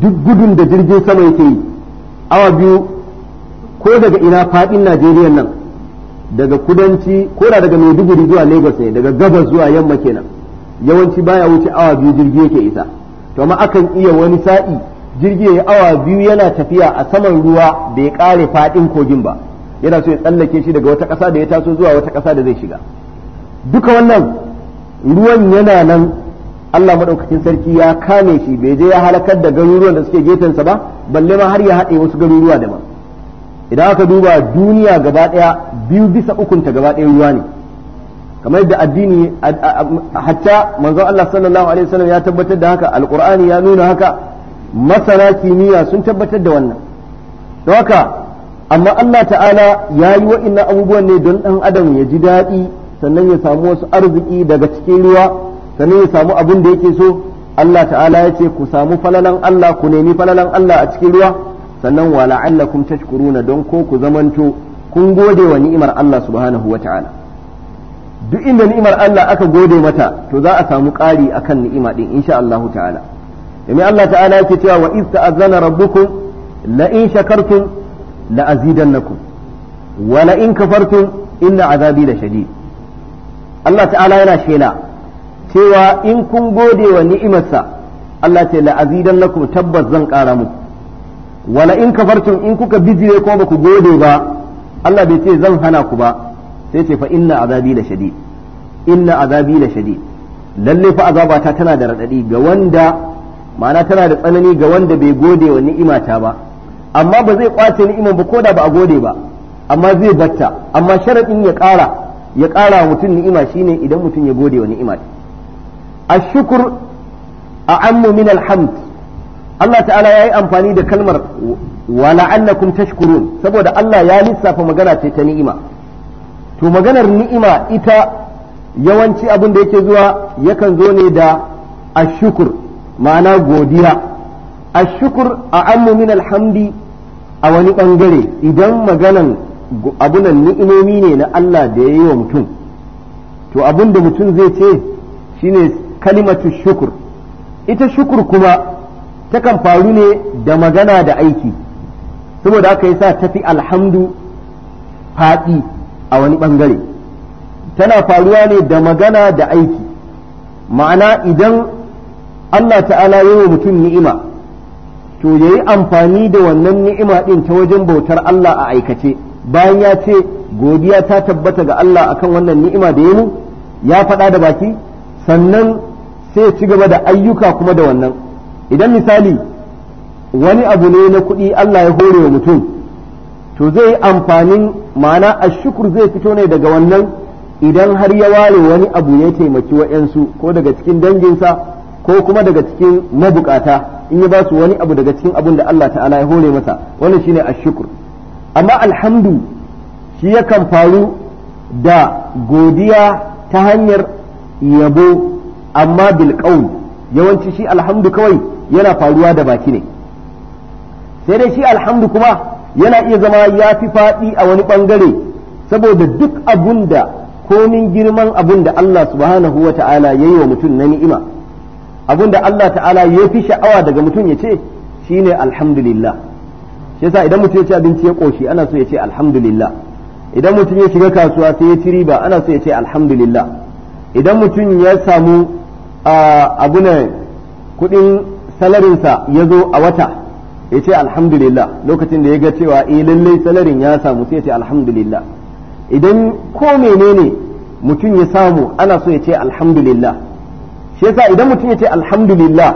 duk gudun da jirgin sama yake yi awa biyu ko daga ina faɗin najeriya nan daga kudanci ko da daga maiduguri zuwa lagos ne daga gabas zuwa yamma kenan yawanci baya wuce awa biyu jirgi yake isa to amma akan iya wani sa'i jirgi ya awa biyu yana tafiya a saman ruwa bai kare faɗin kogin ba yana so ya tsallake shi daga wata ƙasa da ya taso zuwa wata ƙasa da zai shiga duka wannan ruwan yana nan Allah maɗaukakin sarki ya kame shi bai je ya halakar da garuruwan da suke gefensa ba balle ma har ya haɗe wasu garuruwa daban idan aka duba duniya gaba ɗaya biyu bisa ukunta gaba ɗaya ruwa ne kamar yadda addini hatta manzo Allah sallallahu alaihi wasallam ya tabbatar da haka alqur'ani ya nuna haka masana kimiyya sun tabbatar da wannan don haka amma Allah ta'ala ya yi wa'innan abubuwan ne don ɗan adam ya ji daɗi sannan ya samu wasu arziki daga cikin ruwa sannan ya samu abin da yake so Allah ta'ala ya ce ku samu falalan Allah ku nemi falalan Allah a cikin ruwa sannan wa la'allakum tashkuruna don ko ku zamanto kun gode wa ni'imar Allah subhanahu wa ta'ala duk inda ni'imar Allah aka gode mata to za a samu ƙari akan ni'ima din insha Allah ta'ala yami Allah ta'ala yake cewa wa iz ta'azzana rabbukum la in shakartum la azidannakum wa la in kafartum inna azabi la shadid Allah ta'ala yana shela cewa in kun gode wa ni'imarsa Allah ce la azidannakum tabbas zan kara muku wa la in kafartum in kuka bijire kuma baku gode ba Allah bai ce zan hana ku ba sai ce fa inna azabi la shadid lalle fa azabata tana da radadi ga wanda ma'ana tana da tsanani ga wanda bai gode wa ni'imata ba amma ba zai kwace ni'imar ba ko da ba a gode ba amma zai batta amma sharaɗin ya ƙara ya ƙara wa mutum ni'ima shine idan mutum ya gode wa ni'ima ashukur a ammu min alhamd Allah ta'ala ya yi amfani da kalmar wa la'allakum tashkurun saboda Allah ya lissafa magana ce ta ni'ima to maganar ni'ima ita yawanci abin da yake zuwa yakan zo ne da ashukur ma'ana godiya ashukur a ammu min alhamdi a wani ɓangare idan maganan abunan ni'imomi ne na Allah da ya yi wa mutum to abun da mutum zai ce shine kalimatu shukur ita shukur kuma takan faru ne da magana da aiki saboda aka sa ta tafi alhamdu faɗi a wani bangare tana faruwa ne da magana da aiki ma'ana idan Allah ta'ala yi wa mutum ni'ima to ya yi amfani da wannan ni'ima ɗin ta wajen bautar Allah a aikace bayan ya ce godiya ta tabbata ga Allah akan wannan ni'ima da ya mu ya faɗa da baki sannan sai ci gaba da ayyuka kuma da wannan idan misali wani abu ne na kuɗi Allah ya hore wa mutum to zai yi amfanin ma'ana ashukur zai fito ne daga wannan idan har ya ware wani abu ya taimaki wa'yansu ko daga cikin danginsa ko kuma daga cikin mabukata in ya ba su wani abu daga cikin abin da Allah ta'ala ya hore masa wannan shine ashkur amma alhamdu shi yakan faru da godiya ta hanyar yabo amma bil yawanci shi alhamdu kawai yana faruwa da baki ne sai dai shi alhamdu kuma yana iya zama ya fi faɗi a wani bangare saboda duk abunda da komin girman abun da Allah subhanahu wa ta'ala ya yi wa mutum na ni'ima da Allah ta'ala ya fi sha'awa daga mutum ya ce shine alhamdulillah shi yasa idan mutum ya ci abinci ya koshi ana so ya ce alhamdulillah idan mutum ya shiga kasuwa sai ya ci riba ana so ya ce alhamdulillah idan mutum ya samu abu ne kudin salarinsa ya zo a wata ya ce alhamdulillah lokacin da ya ga cewa eh lallai salarin ya samu sai ya ce alhamdulillah idan ko menene mutum ya samu ana so ya ce alhamdulillah shi yasa idan mutum ya ce alhamdulillah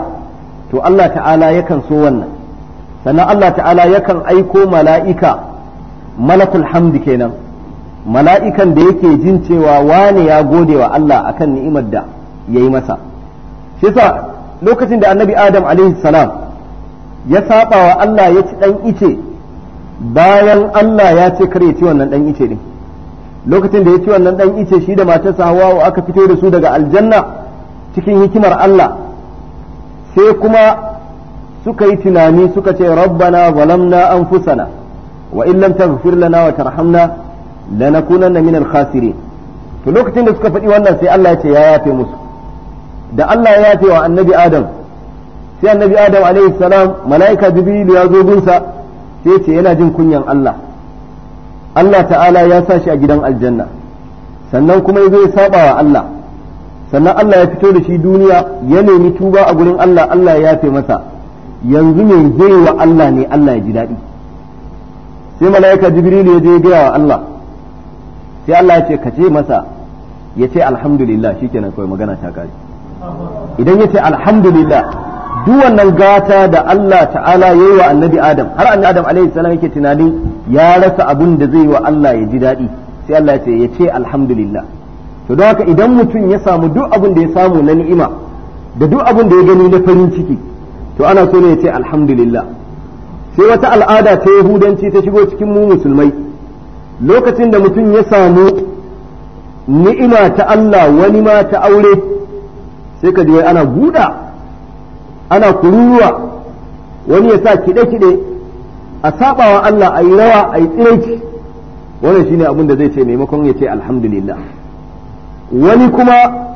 to Allah ta'ala yakan so wannan sannan Allah ta'ala yakan aiko mala'ika malakul hamdu kenan mala'ikan da yake jin cewa wane ya gode wa Allah akan ni'imar da yayi masa shi yasa lokacin da annabi adam alaihi salam ya saba wa Allah ya ci dan ice bayan Allah ya ce kar ya ci wannan dan ice din lokacin da ya ci wannan dan ice shi da matarsa hawa aka fito da su daga aljanna cikin hikimar Allah sai kuma suka yi tunani suka ce rabbana zalamna anfusana wa in lam taghfir lana wa tarhamna lanakunanna minal khasirin to lokacin da suka faɗi wannan sai Allah ya ce ya yafe musu da Allah ya yafe wa annabi Adam sai annabi Adam alaihi salam malaika jibrilu ya zo gunsa sai ce yana jin kunyan Allah Allah ta'ala ya sa shi a gidan aljanna sannan kuma ya zo ya saba wa Allah sannan Allah ya fito da shi duniya ya nemi tuba a gurin Allah Allah ya yafe masa yanzu ne zai wa Allah ne Allah ya ji daɗi sai mala'ika jibrilu ya je gaya wa Allah sai Allah ya ce ka ce masa ya ce alhamdulillah shikenan kawai magana ta kare idan ya ce alhamdulillah duk wannan gata da Allah ta'ala ya yi wa annabi Adam har annabi Adam alaihi salam yake tunanin ya rasa abin da zai wa Allah ya ji daɗi sai Allah ya ce ya ce alhamdulillah to da haka idan mutum ya samu duk abin da ya samu na ni'ima da duk abin da ya gani na farin ciki to ana so ne ya ce alhamdulillah sai wata al'ada ta yahudanci ta shigo cikin mu musulmai lokacin da mutum ya samu ni'ima ta Allah wani ma ta aure sai ka ana buɗa ana kururuwa wani ya sa kiɗe-kiɗe a sabawa Allah a yi rawa a yi tsiraici wannan shine abin da zai ce maimakon ya ce alhamdulillah wani kuma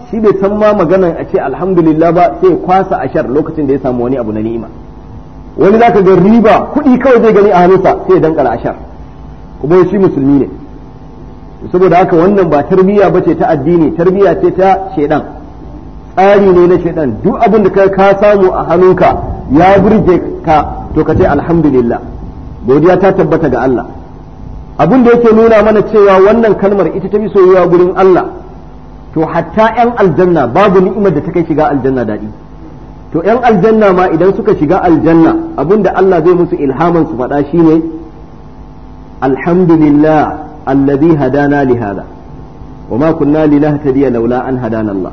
shi bai san ma maganan a ce alhamdulillah ba sai ya kwasa ashar lokacin da ya samu wani abu na ni'ima wani zaka ga riba kuɗi kawai zai gani a hannunsa sai ya dankara ashar kuma shi musulmi ne saboda haka wannan ba tarbiyya ba ce ta addini tarbiyya ce ta shedan tsari ne na shedan duk abin da ka samu a hannunka ya burge ka to ka ce alhamdulillah godiya ta tabbata ga Allah abin da yake nuna mana cewa wannan kalmar ita ta fi soyuwa gurin Allah to hatta yan aljanna babu ni'imar da ta kai shiga aljanna daɗi to yan aljanna ma idan suka shiga aljanna abinda Allah zai musu ilhaman su faɗa shine alhamdulillah alladhi hadana li hada wa ma kunna linahtadiya laula an hadana Allah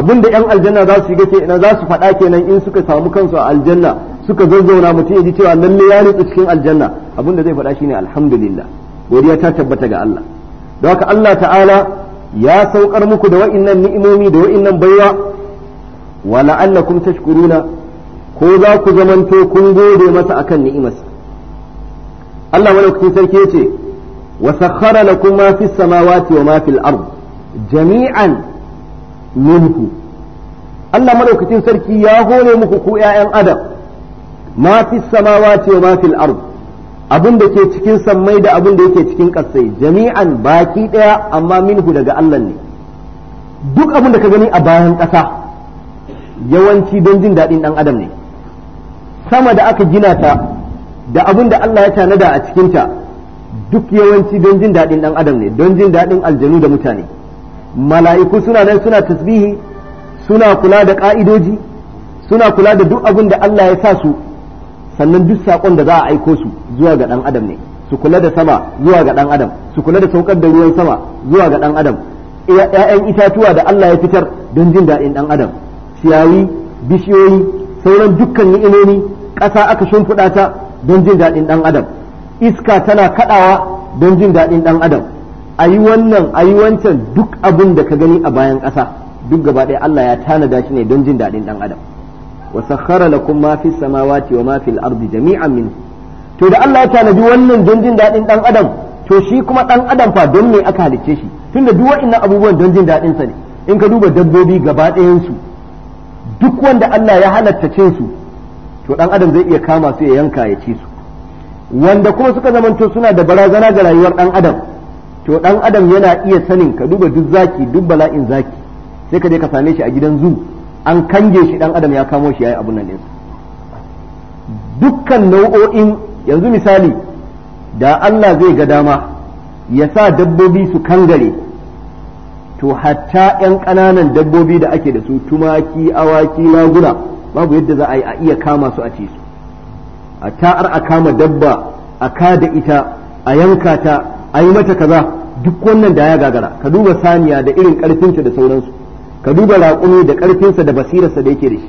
abinda yan aljanna za su shiga kenan za su faɗa kenan in suka samu kansu a aljanna suka zazzauna mutum ya ji cewa lalle ya rutsu cikin aljanna abinda zai faɗa shine alhamdulillah godiya ta tabbata ga Allah don haka Allah ta'ala ya saukar muku da wa'innan ni'imomi da wa'innan baiwa wa la'allakum tashkuruna ko za ku zamanto kun gode masa akan ni'imas Allah madaukakin sarki yace wa sakhara lakum ma fis samawati wa ma fil ard jami'an minhu Allah madaukakin sarki ya hore muku ku ƴaƴan adam ma fis samawati wa ma fil ard abin da ke cikin sammai da abin da yake cikin ƙasai jami'an baki ɗaya amma minhu daga Allah ne duk abin da ka gani a bayan ƙasa yawanci don jin daɗin ɗan adam ne sama da aka gina ta da abin da Allah ya da a cikinta duk yawanci don jin daɗin ɗan adam ne don jin daɗin aljanu da mutane mala'iku suna nan suna tasbihi suna kula da ƙa'idoji suna kula da duk abin da Allah ya sa su sannan duk sakon da za a aiko su zuwa ga ɗan adam ne su kula da sama zuwa ga ɗan adam su kula da saukar da ruwan sama zuwa ga ɗan adam 'ya'yan itatuwa da Allah ya fitar don jin daɗin ɗan adam ciyayi bishiyoyi sauran dukkan ni'imomi ƙasa aka shimfiɗa ta don jin daɗin ɗan adam iska tana kaɗawa don jin daɗin ɗan adam a yi wannan a yi wancan duk abin da ka gani a bayan ƙasa duk gaba ɗaya Allah ya tanada shi ne don jin daɗin ɗan adam wa sakhara lakum ma fis samawati wa ma fil ardi jami'an min to da Allah ya tanadi wannan don jin dadin dan adam to shi kuma dan adam fa don me aka halicce shi tunda duk wa'annan abubuwan don jin dadin sa ne in ka duba dabbobi gaba ɗayan su duk wanda Allah ya halatta cin su to dan adam zai iya kama su ya yanka ya ci su wanda kuma suka zamanto suna da barazana ga rayuwar dan adam to dan adam yana iya sanin ka duba duk zaki duk bala'in zaki sai ka je ka same shi a gidan zu an kange shi dan adam ya kamo shi yayi abun nan din dukkan nau'o'in yanzu misali da Allah zai ga dama ya sa dabbobi su kangare to hatta 'yan ƙananan dabbobi da ake da su tumaki awaki laguna babu yadda za a yi a iya kama su a ci su a ta'ar a kama dabba a ka da ita a yanka ta a yi mata kaza duk wannan da ya gagara ka duba saniya da irin ƙarfinta da sauransu ka duba raƙumi da ƙarfinsa da basirarsa da yake da shi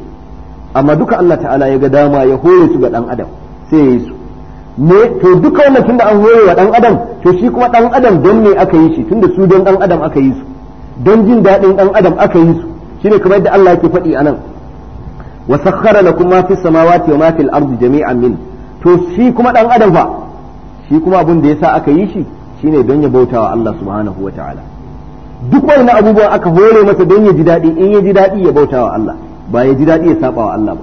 amma duka Allah ta'ala ya ga dama ya hore su ga ɗan adam sai ya yi su me to duka wannan tunda an hore wa ɗan adam to shi kuma ɗan adam don me aka yi shi tunda su don ɗan adam aka yi su don jin daɗin ɗan adam aka yi su shine kamar yadda Allah yake faɗi anan wa sakhkhara lakum ma fis samawati wa ma fil ardi jami'an min to shi kuma dan adam fa shi kuma abin da yasa aka yi shi shine don ya bautawa Allah subhanahu wa duk wani abubuwa aka hore masa don ya ji daɗi in ya ji daɗi ya bauta wa Allah ba ya ji daɗi ya saba wa Allah ba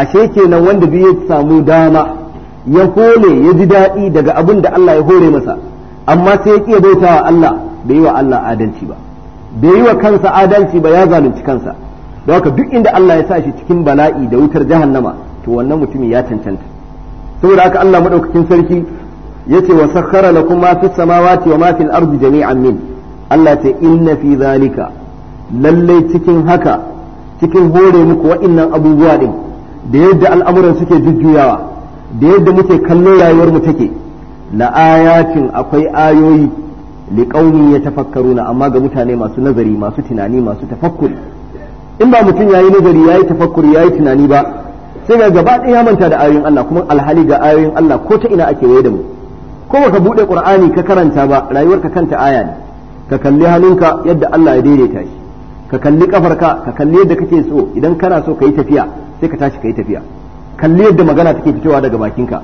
ashe kenan wanda duk ya samu dama ya hole ya ji daɗi daga abin da Allah ya hore masa amma sai ya ƙi bauta wa Allah bai yi wa Allah adalci ba bai yi wa kansa adalci ba ya zalunci kansa don haka duk inda Allah ya sa shi cikin bala'i da wutar jahannama to wannan mutumin ya cancanta saboda haka Allah madaukakin sarki yace wa sakhkhara lakum ma fis samawati wa ma fil ardi jami'an min Allah ce inna fi zalika lallai cikin haka cikin hore muku wa'innan abubuwa din da yadda al'amuran suke jujjuyawa da yadda muke kallo rayuwar mu take la ayatin akwai ayoyi liqaumin yatafakkaruna amma ga mutane masu nazari masu tunani masu tafakkuri in ba mutum yayi nazari yayi tafakkur yayi tunani ba sai ga gaba ɗaya ya manta da ayoyin Allah kuma alhali ga ayoyin Allah ko ta ina ake waye da mu ko baka bude qur'ani ka karanta ba rayuwarka kanta aya ne ka kalli hannunka yadda Allah ya daidaita shi ka kalli kafarka ka kalli yadda kake so idan kana so ka yi tafiya sai ka tashi ka yi tafiya kalli yadda magana take fitowa daga bakinka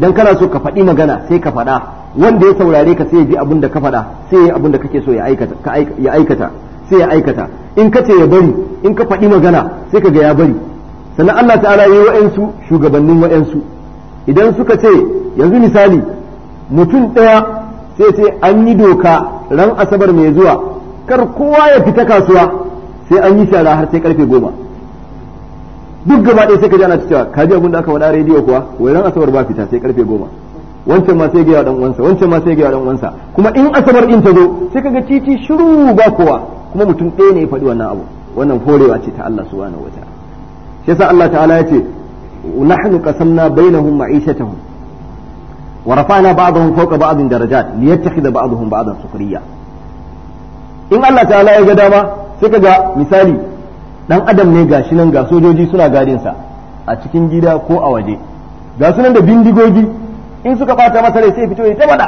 idan kana so ka faɗi magana sai ka faɗa wanda ya saurare ka sai ya ji abin da ka faɗa sai ya yi abin da kake so ya aikata sai ya aikata in ka ce ya bari in ka faɗi magana sai ka ga ya bari sannan Allah ta'ala ya yi shugabannin wa'ansu idan suka ce yanzu misali mutum ɗaya sai sai an yi doka ran asabar mai zuwa kar kowa ya fita kasuwa sai an yi shara har sai karfe goma duk gaba ɗaya sai ka ji ana cewa ka ji abin da aka wada rediyo kuwa wai ran asabar ba fita sai karfe goma wancan ma sai gaya dan uwansa wancan ma sai gaya dan uwansa kuma in asabar din ta zo sai kaga titi shiru ba kowa kuma mutum ɗaya ne ya faɗi wannan abu wannan forewa ce ta Allah subhanahu wataala shi yasa Allah ta'ala ya ce nahnu qasamna bainahum ma'ishatahum ورفعنا بعضهم فوق بعض درجات ليتخذ بعضهم بعضا سخريا in Allah ta'ala ya ga dama sai جا مثالي misali dan adam ne ga shi nan ga sojoji suna gadin a cikin gida ko a waje ga sunan da bindigogi in suka fata masa rai sai fito ya ta bada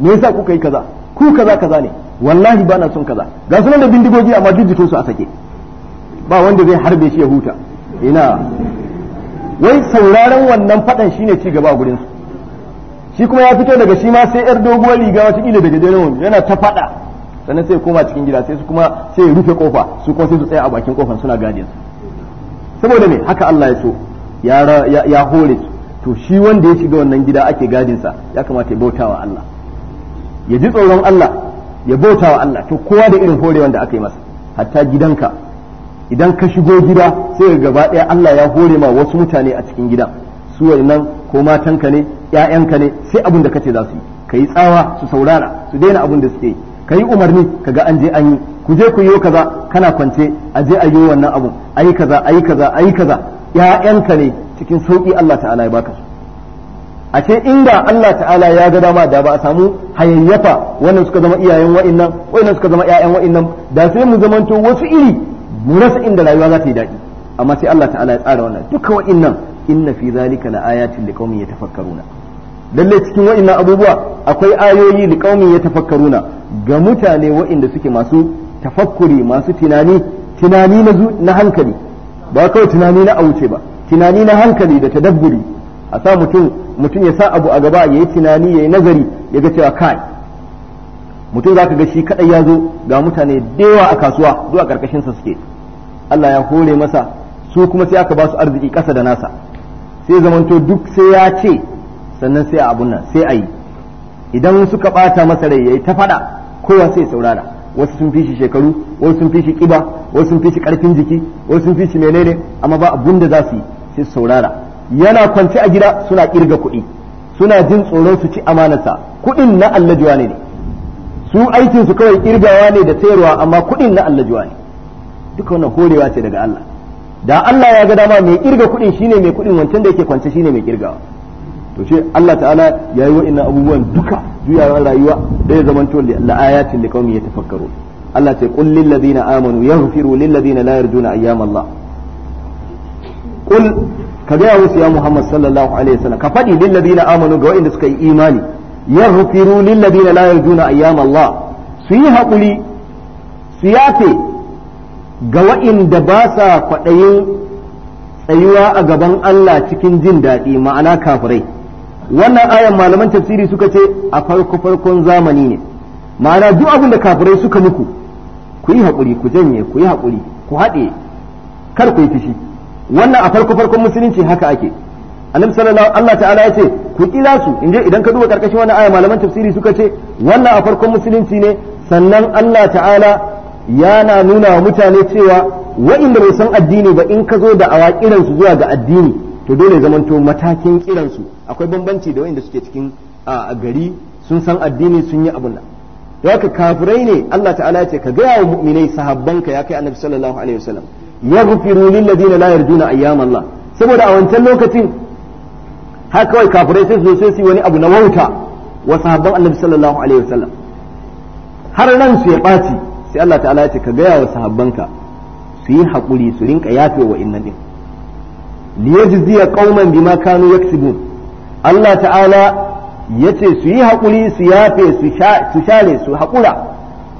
me yasa kuka yi kaza ku kaza kaza ne wallahi bana son kaza ga sunan da bindigogi amma jijjito su a sake ba wanda zai harbe shi ya huta ina wai sauraron wannan fadan shine ci gaba gurin su shi kuma ya fito daga shi ma sai yar doguwar riga wata kila daga jere yana ta fada sannan sai koma cikin gida sai su kuma sai ya rufe kofa su kuma sai su tsaya a bakin kofar suna gadin saboda me haka Allah ya so ya ya hore to shi wanda ya shiga wannan gida ake gadin sa ya kamata ya bautawa Allah ya ji tsoron Allah ya bautawa Allah to kowa da irin hore wanda aka yi masa hatta gidanka idan ka shigo gida sai gaba ɗaya Allah ya hore ma wasu mutane a cikin gidan su nan ko matanka ne ƴaƴanka ne sai abin da kace za su yi ka yi tsawa su saurara su daina abin da suke yi umarni ka ga an je an yi ku je ku yi kaza kana kwance a je a yi wannan abun yi kaza a yi kaza a yi kaza ƴaƴanka ne cikin sauƙi Allah ta'ala ya baka su a ce inda Allah ta'ala ya ga dama da ba a samu hayayyafa wannan suka zama iyayen wa'innan wa'innan suka zama ƴaƴan wa'innan da sai mu zamanto wasu iri mu rasa inda rayuwa za ta yi daɗi amma sai Allah ta'ala ya tsara wannan duka wa'innan inna fi zalika la ayatin liqaumin yatafakkaruna lalle cikin wa'annan abubuwa akwai ayoyi ya tafakkaruna ga mutane wa'anda suke masu tafakkuri masu tunani tunani na hankali ba kawai tunani na auce ba tunani na hankali da tadabburi a sa mutum mutum ya sa abu a gaba yayi tunani yayi nazari ya ga cewa kai mutum zaka ga shi kadai ya zo ga mutane dewa a kasuwa zuwa karkashin sa suke Allah ya hore masa su kuma sai aka ba su arziki kasa da nasa sai zamanto duk sai ya ce sannan sai a abun nan sai a yi idan suka bata masa rai yayi ta faɗa kowa sai saurara wasu sun fi shi shekaru wasu sun fi shi kiba wasu sun fi shi karfin jiki wasu sun fi shi menene amma ba abun da za su yi sai saurara yana kwance a gida suna kirga kuɗi suna jin tsoron su ci amanarsa kuɗin na allajuwa ne su aikin su kawai kirgawa ne da sayarwa amma kuɗin na allajuwa ne duka wannan horewa ce daga Allah da Allah ya ga dama mai kirga kuɗin shine mai kuɗin wancan da yake kwance shine mai kirgawa to shi Allah ta'ala ya yi wa'annan abubuwan duka juyawar rayuwa da ya zamanto la'ayatin da kawai ya tafakkaru Allah ce qul lil ladina amanu yaghfiru lil ladina la yarjuna ayyam Allah qul ka ga musu ya Muhammad sallallahu alaihi wasallam ka fadi lil ladina amanu ga wa'anda suka yi imani yaghfiru lil ladina la yarjuna ayyam Allah su yi hakuri su yafe ga wa'inda ba sa kwaɗayin tsayuwa a gaban Allah cikin jin daɗi ma'ana kafirai wannan ayan malaman tafsiri suka ce a farko farkon zamani ne ma'ana duk abin da kafirai suka muku ku yi haƙuri ku janye ku yi haƙuri ku haɗe kar ku yi fishi wannan a farko farkon musulunci haka ake annabi sallallahu Allah ta'ala ya ce ku kila su inje idan ka duba karkashin wannan aya malaman tafsiri suka ce wannan a farkon musulunci ne sannan Allah ta'ala yana nuna wa mutane cewa wa'inda bai san addini ba in ka zo da awa su zuwa ga addini to dole zamanto matakin kiransu akwai bambanci da wanda suke cikin a gari sun san addini sun yi abun nan da haka kafirai ne Allah ta'ala ya ce ka gaya wa mu'minai sahabbanka ya kai annabi sallallahu alaihi wasallam yaghfiru lil ladina la yarjuna ayyam Allah saboda a wancan lokacin har kawai kafirai sai su sai su wani abu na wauta wa sahabban annabi sallallahu alaihi wasallam har nan su ya ɓaci sai Allah ta'ala ya ce ka gaya wa sahabbanka su yi haƙuri su rinka yafe wa innan liyajziya qauman bima kanu yaksibun Allah ta'ala yace su yi hakuri su yafe su share su hakura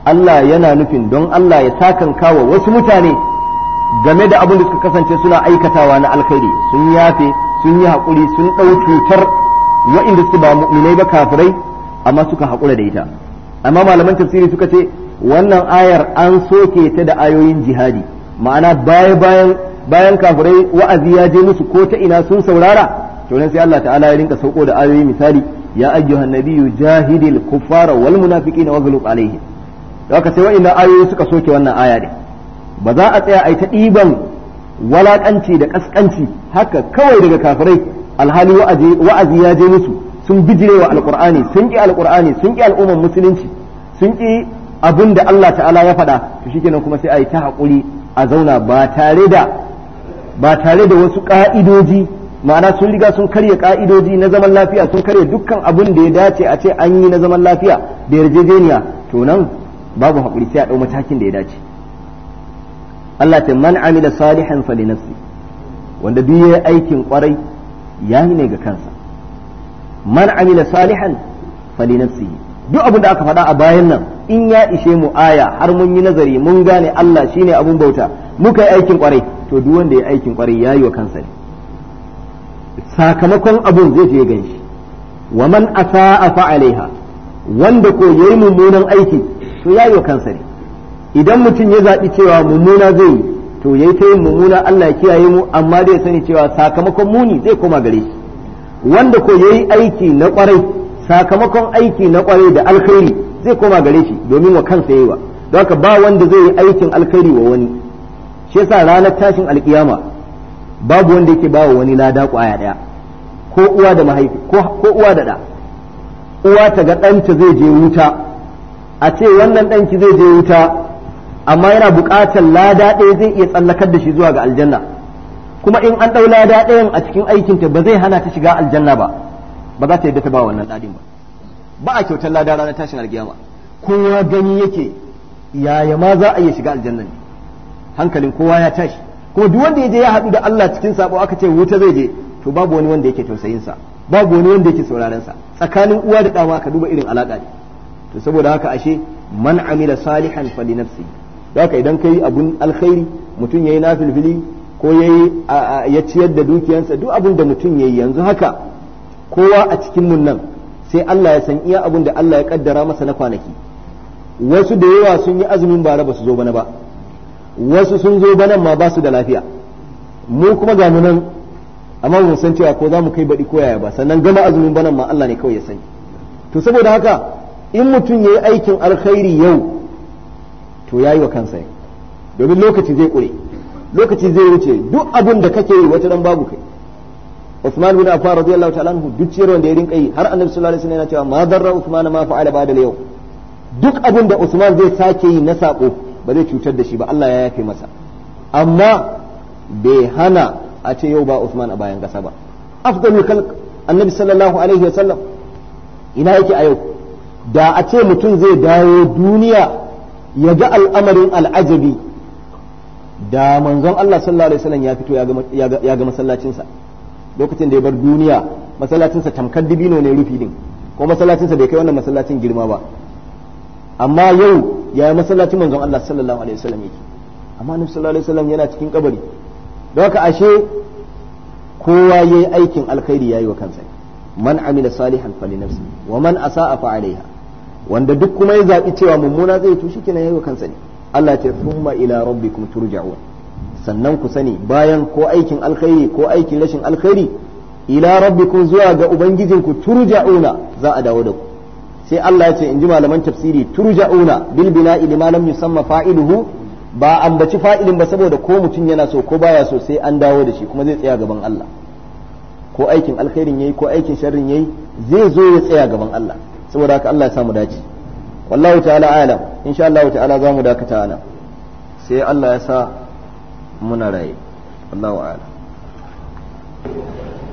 Allah yana nufin don Allah ya takan kawo wasu mutane game da abin da suka kasance suna aikatawa na alkhairi sun yafe sun yi hakuri sun ɗau cutar wa'inda su ba mu'minai ba kafirai amma suka hakura da ita amma malaman tafsiri suka ce wannan ayar an soke ta da ayoyin jihadi ma'ana baya bayan bayan kafirai wa'azi ya je musu ko ta ina sun saurara to nan sai Allah ta'ala ya rinka sauko da ayoyi misali ya ayyuha nabiyyu jahidil kuffara wal munafiqina waghlub alaihim haka sai wa'inda ayoyi suka soke wannan aya ne ba za a tsaya a yi ta ɗiban walaƙanci da ƙasƙanci haka kawai daga kafirai alhali wa'azi ya je musu sun bijirewa alƙur'ani sun ƙi alƙur'ani sun ƙi al'umman musulunci sun ƙi abin da Allah ta'ala ya faɗa to shikenan kuma sai a yi ta haƙuri a zauna ba tare da ba tare da wasu ƙa'idoji ma'ana sun riga sun karya ƙa'idoji na zaman lafiya sun karya dukkan abin da ya dace a ce an yi na zaman lafiya da yarjejeniya to nan babu haƙuri sai a ɗau matakin da ya dace Allah ta man amila salihan fa wanda duk yayi aikin kwarai yayi ne ga kansa man amila salihan fa duk abin da aka faɗa a bayan nan in ya ishe mu aya har mun yi nazari mun gane Allah shine abun bauta muka yi aikin kwarai to duk wanda ya aikin kwarai ya yi wa kansa ne sakamakon abun zai je ganshi wa man asaa fa alaiha wanda ko yayi mummunan aiki to ya yi wa kansa ne idan mutum ya zaɓi cewa mummuna zai yi to yayi ta yin mummuna Allah ya kiyaye mu amma dai sani cewa sakamakon muni zai koma gare shi wanda ko yayi aiki na kwarai sakamakon aiki na kwarai da alkhairi zai koma gare shi domin wa kansa yayi wa don haka ba wanda zai yi aikin alkhairi wa wani shi yasa ranar tashin alkiyama babu wanda yake bawa wani lada kwaya daya ko uwa da mahaifi ko uwa da da uwa ta ga ɗanta zai je wuta a ce wannan ɗanki zai je wuta amma yana buƙatar lada ɗaya zai iya tsallakar da shi zuwa ga aljanna kuma in an ɗau lada ɗayan a cikin aikinta ba zai hana ta shiga aljanna ba ba za ta yi ta ba wannan ladin ba ba a kyautar lada ranar tashin alkiyama kowa gani yake yaya ma za a iya shiga aljanna ne hankalin kowa ya tashi kuma duk wanda ya je ya haɗu da Allah cikin sabo aka ce wuta zai je to babu wani wanda yake tausayin sa babu wani wanda yake sauraron sa tsakanin uwa da dama ka duba irin alaƙa ne to saboda haka ashe man amila salihan li nafsi haka idan kai abun alkhairi mutum yayi nafilfili ko yayi ya ciyar da dukiyansa duk abun da mutum yayi yanzu haka kowa a cikin mun nan sai Allah ya san iya abin da Allah ya kaddara masa na kwanaki wasu da yawa sun yi azumin bara ba su zo bana ba wasu sun zo bana ma ba su da lafiya mu kuma ga mu nan amma mun san cewa ko za mu kai baɗi ko yaya ba sannan gama azumin bana ma Allah ne kawai ya sani to saboda haka in mutum ya yi aikin alkhairi yau to ya yi wa kansa domin lokaci zai ƙure lokaci zai wuce duk abin da kake yi wata dan babu kai Usman bin Affan radiyallahu ta'ala anhu duk ciyarwar da ya rinka yi har Annabi sallallahu alaihi wasallam yana cewa ma darra Uthman ma fa'ala ba da yau duk abin da Usman zai sake yi na sako ba zai cutar da shi ba Allah ya yafe masa amma bai hana a ce yau ba Usman a bayan kasa ba afdalul khalq Annabi sallallahu alaihi wasallam ina yake a yau da a ce mutum zai dawo duniya ya ga al'amarin al'ajabi da manzon Allah sallallahu alaihi wasallam ya fito ya ga masallacinsa lokacin da ya bar duniya masallacinsa tamkar dibino ne rufi din ko masallacinsa bai kai wannan masallacin girma ba amma yau ya yi masallacin manzon Allah sallallahu alaihi wasallam yake amma annabi sallallahu alaihi wasallam yana cikin kabari don haka ashe kowa yayi aikin alkhairi yayi wa kansa man amila salihan fali nafsi wa man asa'a fa alaiha wanda duk kuma ya zabi cewa mummuna zai to shikenan yayi wa kansa ne Allah ya ce thumma ila rabbikum turja'un sannan ku sani bayan ko aikin alkhairi ko aikin rashin alkhairi ila rabbikum zuwa ga ubangijinku turja'una za a dawo da ku sai Allah ya ce in ji malaman tafsiri turja'una bil bina'i lima lam yusamma fa'iluhu ba ambaci fa'ilin ba saboda ko mutum yana so ko baya so sai an dawo da shi kuma zai tsaya gaban Allah ko aikin alkhairin yayi ko aikin sharrin yayi zai zo ya tsaya gaban Allah saboda haka Allah ya samu dace wallahi ta'ala alam insha Allah ta'ala za mu dakata ana sai Allah ya sa muna raye Allahu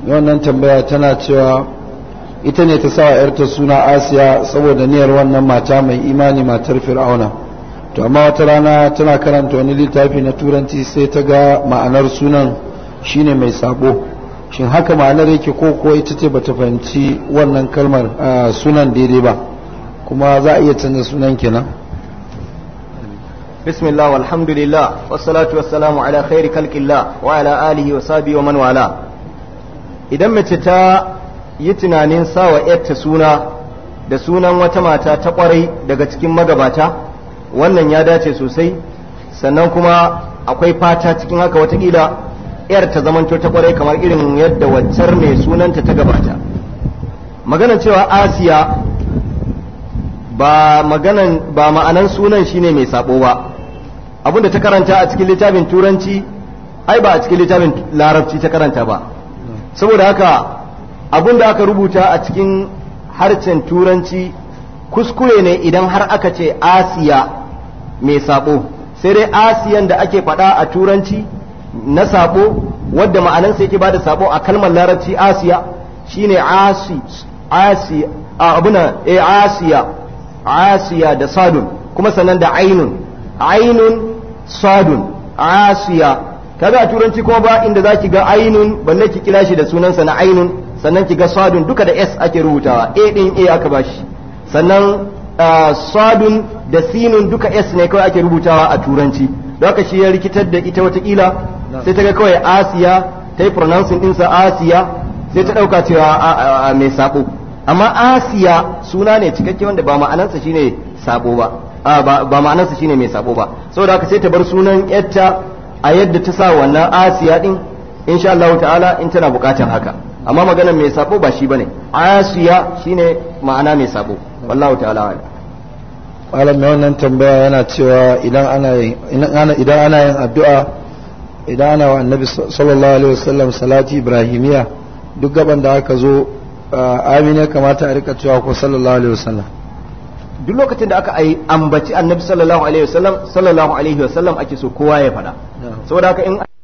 wannan tambaya tana cewa ita ne ta sawa yarta suna Asiya saboda niyyar wannan mata mai imani matar Fir'auna to amma wata rana tana karanta wani littafi na turanci sai ta ga ma'anar sunan shine mai sabo shin haka ma'anar yake ko ko ita ce bata fahimci wannan kalmar ah, sunan daidai ba kuma za a iya canza sunan kenan بسم الله والحمد لله والصلاة والسلام على خير خلق الله وعلى آله وصحبه ومن والاه idan mace ta yi tunanin sawa yarta suna da sunan wata mata ta kwarai daga cikin magabata wannan ya dace sosai sannan kuma akwai fata cikin haka watakila yar ta zamanto ta kwarai kamar irin yadda waccar mai sunanta ta gabata maganar cewa asiya ba maganan ba ma'anan sunan shine mai sabo ba abinda ta karanta a cikin littafin turanci ai ba a cikin littafin larabci ta karanta ba saboda haka abinda aka rubuta a cikin harcen turanci kuskure ne idan har aka ce asiya mai sabo sai dai asiyan da ake faɗa a turanci na sabo wadda ma'anansa yake bada sabo a kalmar larabci asiya shine asi asiya abuna eh, asiya asiya da sadun kuma sannan da ainun ainun sadun asiya kaga turanci ko ba inda zaki ga ainun balle ki kira shi da sunansa na ainun sannan ki ga sadun duka da s ake rubutawa a din a aka bashi sannan ah, sadun da sinun duka s ne kawai ake rubutawa a turanci don haka shi ya rikitar da ita watakila sai ta ga kawai asiya ta yi pronouncing ɗinsa asiya sai ta ɗauka cewa mai sabo amma asiya suna ne cikakke wanda ba ma'anarsa shine sabo ba ba ma'anarsa shine mai sabo ba saboda haka sai ta bar sunan yatta a yadda ta sa wannan asiya din insha Allah ta'ala in tana bukatar haka amma maganar mai sabo ba shi bane asiya shine ma'ana mai sabo wallahu ta'ala malam mai wannan tambaya yana cewa idan ana idan ana yin addu'a idan ana wa annabi sallallahu alaihi wasallam salati ibrahimiya duk gaban da aka zo amin ya kamata a rika cewa ko sallallahu alaihi wasallam duk lokacin da aka ambaci annabi sallallahu alaihi wasallam sallallahu alaihi wasallam ake so kowa ya faɗa saboda haka in